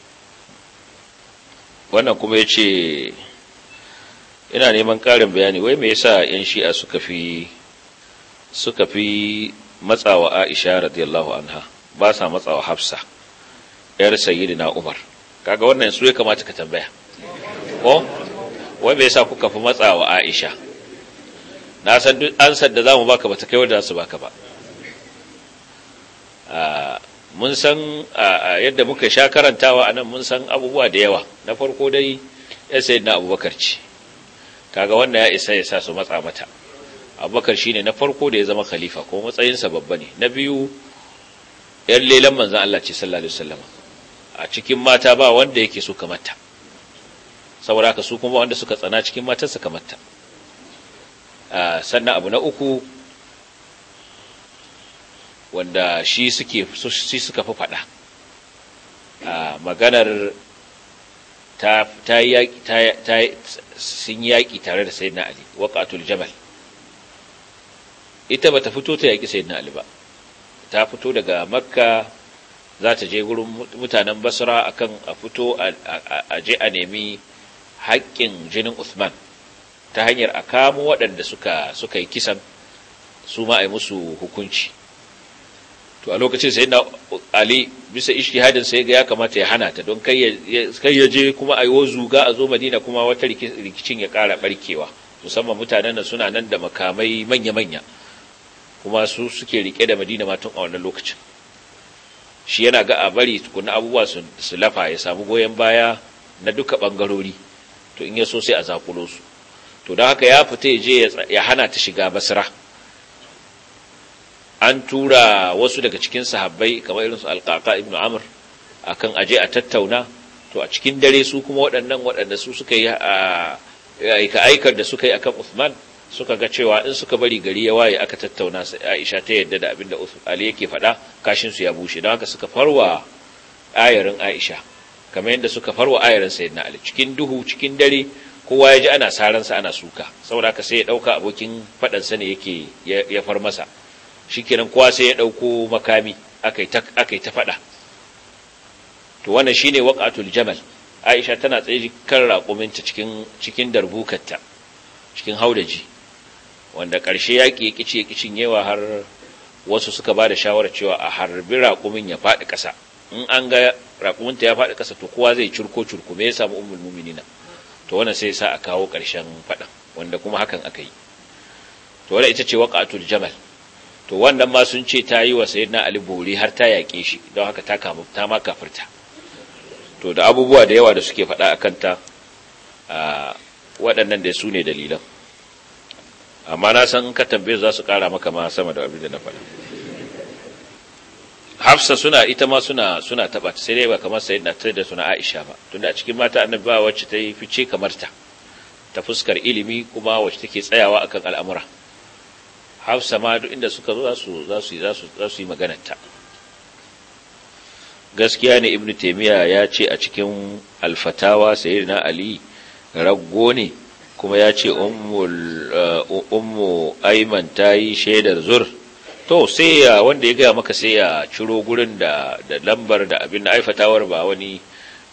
wannan kuma yace ina neman karin bayani wai me yasa yan shi'a suka fi suka fi matsawa Aisha radiyallahu anha ba sa matsawa Hafsa yar sayyidina Umar kaga wannan su ya kamata ka tambaya ko wai me yasa kuka fi matsawa Aisha na san duk ansar da zamu baka ba ta kai wanda su baka ba ah, mun san ah, ah, yadda muka sha karantawa anan mun san abubuwa da yawa na farko dai ya na abubakar ce kaga wanda ya isa ya sa su matsa mata abubakar shine na farko da ya zama khalifa ko matsayinsa babba ne na biyu yan lelan manzan Allah ce sallallahu alaihi wasallam a cikin mata ba wanda yake so kamar ta saboda haka su kuma wanda suka tsana cikin matarsa kamar ta Ah, sannan abu na uku wanda shi suke shi suka fi faɗa ah, maganar ta ta sun yaƙi tare da sayyidina ali waqatul jamal ita bata fito ta yaƙi sayyidina ali ba ta fito daga makka za ta je gurin mutanen basra akan a fito a je a nemi haƙƙin jinin Usman ta hanyar a kamo waɗanda suka suka yi kisan su ma a yi musu hukunci to a lokacin sai na ali bisa hadin sai ga ya kamata ya hana ta don kai ya je kuma a yi ga a zo madina kuma wata rikicin ya ƙara ɓarkewa musamman mutanen nan suna nan da makamai manya-manya kuma su suke rike da madina matun a wannan lokacin shi yana ga a bari tukuna abubuwa su lafa ya samu goyon baya na duka ɓangarori to in ya so sai a zakulo su to da haka ya fita ya je ya hana ta shiga basra an tura wasu daga cikin sahabbai kamar irin su alƙaƙa ibn amr akan aje a tattauna to a cikin dare su kuma waɗannan waɗanda su suka yi aika aikar da suka yi akan usman suka ga cewa in suka bari gari ya waye aka tattauna Aisha ta yadda da abinda da Ali yake faɗa kashin su ya bushe don haka suka farwa ayarin Aisha kamar yadda suka farwa ayarin Sayyidina Ali cikin duhu cikin dare kowa ya ji ana saransa ana suka saboda haka sai ya ɗauka abokin faɗansa ne yake ya far masa shikenan kowa sai ya ɗauko makami aka yi ta faɗa to wannan shine waqatul jamal aisha tana tsaye kan raƙuminta cikin cikin darbukarta cikin haudaji wanda ƙarshe yaƙi ya kici ya kicin yawa har wasu suka ba da shawarar cewa a harbi raƙumin ya faɗi ƙasa in an ga raƙuminta ya faɗi ƙasa to kowa zai curko curko me ya samu ummul mu'minina to wannan sai sa a kawo ƙarshen faɗan wanda kuma hakan aka yi to wadda ita ce waƙatul jamal to wannan ma sun ce ta yi wa sayyidina ali bori har ta yaƙe shi don haka ta kamu ta ma kafirta to da abubuwa da yawa da suke faɗa a kanta a waɗannan da su ne dalilan amma na san in ka tambaye za su ƙara maka ma sama da abin da na faɗa hafsa suna ita ma suna suna taba ta sai dai ba kamar sayyidina da suna aisha ba tunda a cikin mata annabi ba wacce ta yi fice kamar ta ta fuskar ilimi kuma wacce take tsayawa akan al'amura hafsa ma duk inda suka zo za su za su za su yi magana ta gaskiya ne ibnu taymiya ya ce a cikin alfatawa sayyidina ali raggo ne kuma ya ce ummul uh, ummu aiman ta yi shaidar zur to sai ya wanda ya gaya maka sai ya ciro gurin da da lambar da abin da aifatawar ba wani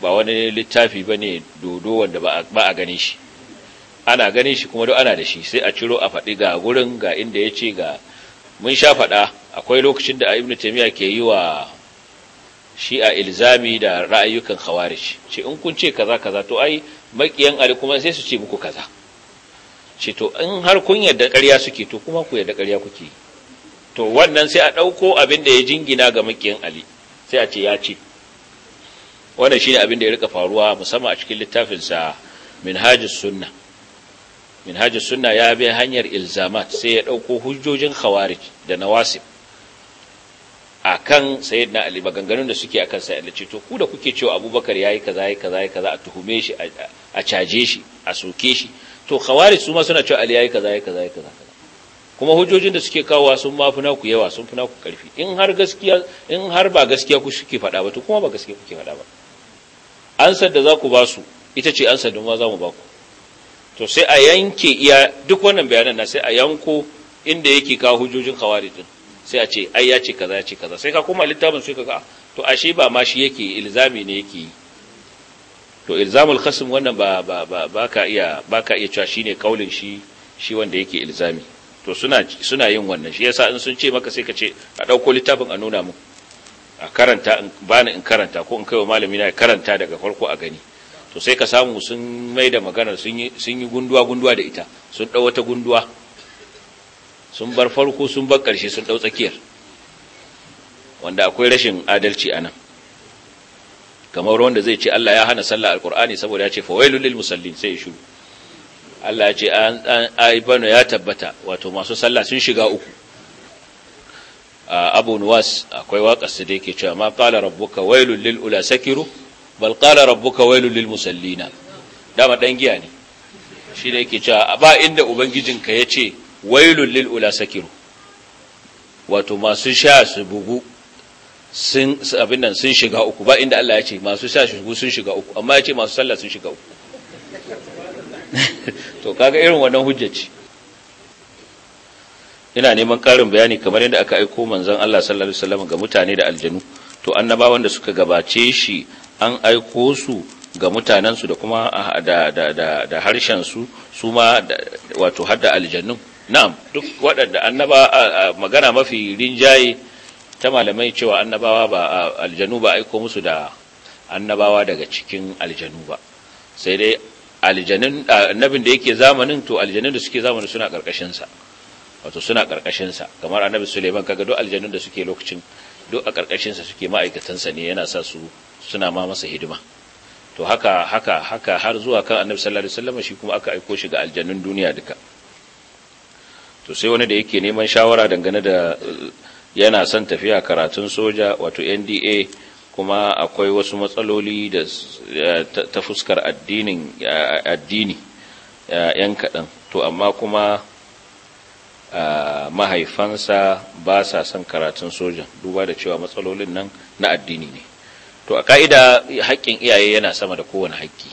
ba wani littafi bane dodo wanda ba ba a gani shi ana ganin shi kuma duk ana da shi sai a ciro a faɗi ga gurin ga inda ya ce ga mun sha faɗa akwai lokacin da ibn taymiya ke yi wa shi a ilzami da ra'ayyukan khawarij ce in kun ce kaza kaza to ai makiyan ali kuma sai su ce muku kaza ce to in har kun yarda ƙarya suke to kuma ku yarda ƙarya kuke yi? to wannan sai a ɗauko abin da ya jingina ga makiyan ali sai a ce ya ce wannan shine abin da ya rika faruwa musamman a cikin littafinsa minhajus sunna minhajus sunna ya bi hanyar ilzamat sai ya ɗauko hujjojin khawarij da nawasib akan sayyidina ali maganganun da suke akan sayyidina ali to ku da kuke cewa abubakar yayi kaza yayi kaza yayi kaza a tuhume shi a caje shi a soke shi to khawarij su ma suna cewa ali yayi kaza yayi kaza yayi kaza kuma hujojin da suke kawowa sun ma fi naku yawa sun fi naku karfi in har ba gaskiya ku suke faɗa ba to kuma ba gaskiya kuke faɗa ba ansar da za ku ba su ita ce ansar da ma za mu ba ku to sai a yanke iya duk wannan bayanan na sai a yanko inda yake kawo hujjojin khawarijin sai a ce ai ya ce kaza ya ce kaza sai ka koma littafin sai ka ga ah, to ashe ba ma shi yake ilzami ne yake yi to ilzamul khasm wannan ba ba ba ka iya ba ka iya cewa shine kaulin shi shi wanda yake ilzami to suna suna yin wannan shi yasa in sun ce maka sai ka ce a ɗauko littafin a nuna mu a karanta bani in karanta ko in kaiwa malami na karanta daga farko a gani to sai ka samu sun mai da maganar sun yi gunduwa gunduwa da ita sun ɗau wata gunduwa sun bar farko sun bar ƙarshe sun ɗau tsakiyar wanda akwai rashin adalci a nan kamar wanda zai ce Allah ya hana sallah alkur'ani saboda ya ce wailul lil musallin sai ya shiru Allah ya ce aibanu ya tabbata wato masu sallah sun shiga uku abu nuwas akwai su da yake cewa ma ƙala rabbuka wailul lil ula sakiru bal ƙala rabbuka wailul lil musallina dama ɗan giya ne shi da yake cewa ba inda ubangijinka ya ce wailul lil ula sakiru wato masu sha su bugu sun abin nan sun shiga uku ba inda Allah ya ce masu sha su bugu sun shiga uku amma ya ce masu sallah sun shiga uku [laughs] to kaga irin wannan hujjaci ina neman karin bayani kamar yadda aka aiko manzon Allah sallallahu alaihi wasallam ga mutane da aljanu to annaba wanda suka gabace shi an aiko su ga mutanen su da kuma ah, da da da, da harshen su su ma wato hadda aljannu na'am duk waɗanda annaba ah, ah, magana mafi rinjaye ta malamai cewa annabawa ba aljanu ba aiko musu da annabawa daga cikin aljanu ba sai dai aljanin annabin da yake zamanin to aljanin da suke zamanin suna karkashin wato suna karkashin kamar annabi Suleiman kaga duk aljanin da suke lokacin duk a karkashin suke ma'aikatan sa ne yana sa su suna ma masa hidima to haka haka haka har zuwa kan annabi sallallahu alaihi wasallam shi kuma aka aiko shi ga aljanun duniya duka to sai wani da yake neman shawara dangane da yana son tafiya karatun soja wato NDA kuma akwai wasu matsaloli da ta fuskar addini yan kaɗan to amma kuma mahaifansa ba sa son karatun sojan duba da cewa matsalolin nan na addini ne to a ka'ida haƙƙin iyaye yana sama da kowane haƙƙi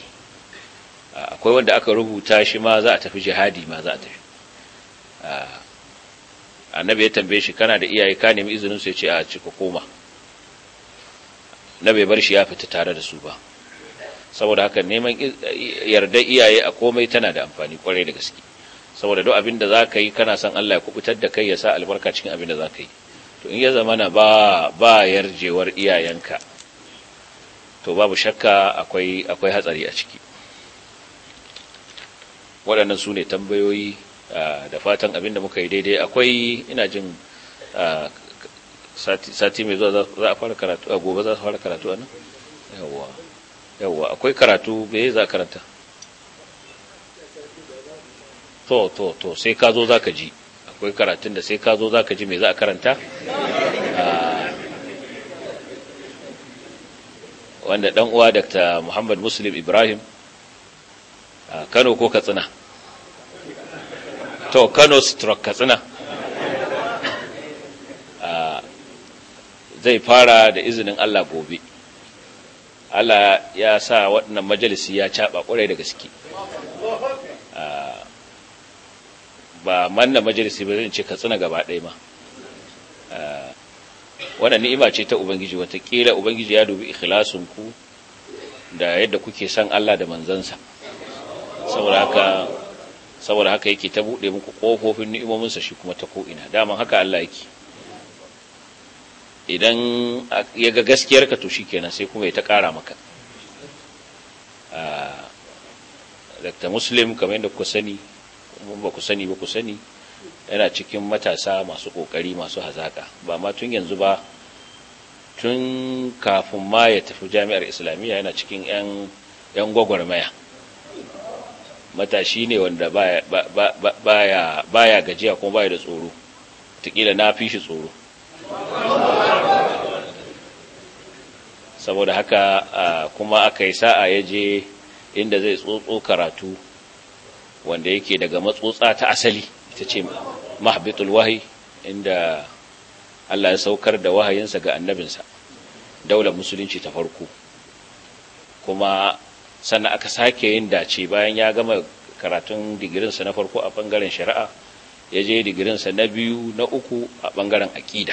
akwai wanda aka rubuta shi ma za a tafi jihadi ma za a tafi annabi ya tambaye shi kana da iyaye ka nemi izinin su ya ce a cika koma na bai bar shi ya fita tare da su ba saboda haka neman yarda iyaye a komai tana da amfani kwarai da gaske saboda duk abin da za ka yi kana son Allah ya kubutar da kai ya sa albarka cikin abin da za ka yi to in ya na ba ba yarjewar iyayenka to babu shakka akwai akwai hatsari a ciki waɗannan sune tambayoyi ah, da fatan abin da muka yi daidai akwai ina jin ah, sati mai zuwa za a fara karatu a gobe za su fara karatu a nan yawwa yawwa akwai karatu me za a karanta to to to sai ka zo za ka ji akwai karatun da sai ka zo za ka ji me za a karanta ah. wanda dan uwa Dr. Muhammad Muslim Ibrahim ah, Kano ko Katsina to Kano stroke Katsina zai fara da izinin Allah gobe Allah ya sa waɗannan majalisi ya caɓa ƙwarai da gaske ah, ba manna majalisi ba zai ce katsina gaba ɗaya ma ah, wannan ni'ima ce ta ubangiji watakila ubangiji ya dubi ikhlasunku da yadda kuke san Allah da manzansa saboda haka yake ta buɗe muku kofofin ni'imominsa shi kuma ta ko'ina. damar daman haka Allah yake idan ya ga gaskiyarka to kenan sai kuma ya ta kara maka ah, Dr. Muslim kamar yadda ku sani ba ku sani ba ku sani yana cikin matasa masu ƙoƙari masu hazaka ba ma tun yanzu ba tun kafin ma ya tafi jami'ar islamiyya yana cikin 'yan gwagwarmaya matashi ne wanda baya gajiya kuma baya da tsoro tukila na fi shi tsoro saboda haka kuma aka yi sa'a ya je inda zai tsotso karatu wanda yake daga matsotsa ta asali ita ce mahabitul wahayi inda Allah ya saukar da wahayinsa ga annabinsa daular musulunci ta farko kuma sannan aka sake yin dace bayan ya gama karatun digirinsa na farko a bangaren shari'a ya je digirinsa na biyu na uku a bangaren aƙida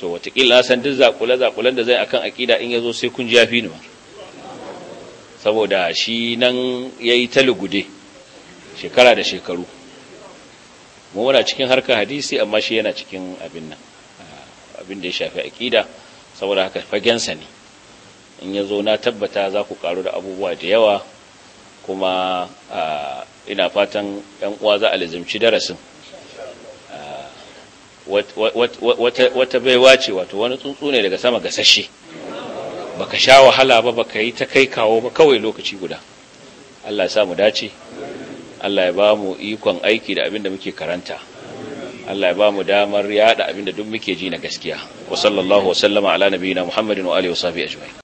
so watakila san duk zakule zakulen da zai akan akida in yazo sai kun jafi ni ma saboda shi nan yayi ta lugude shekara da shekaru mu muna cikin harkar hadisi amma shi yana cikin abin nan ah, abin da ya shafi akida saboda haka fagensa ne in yazo na tabbata za ku karu da abubuwa da yawa kuma ah, ina fatan yan uwa za a lazimci darasin wata baiwa ce wato wani tsuntsu ne daga sama gasashe baka sha wahala ba baka yi ta kai kawo ba kawai lokaci guda Allah ya samu dace Allah ya ba mu ikon aiki da abin da muke karanta Allah ya ba mu damar yada abin da duk muke ji na gaskiya wa sallallahu wa sallama ala nabiyina Muhammadin wa alihi wa sahbihi ajma'in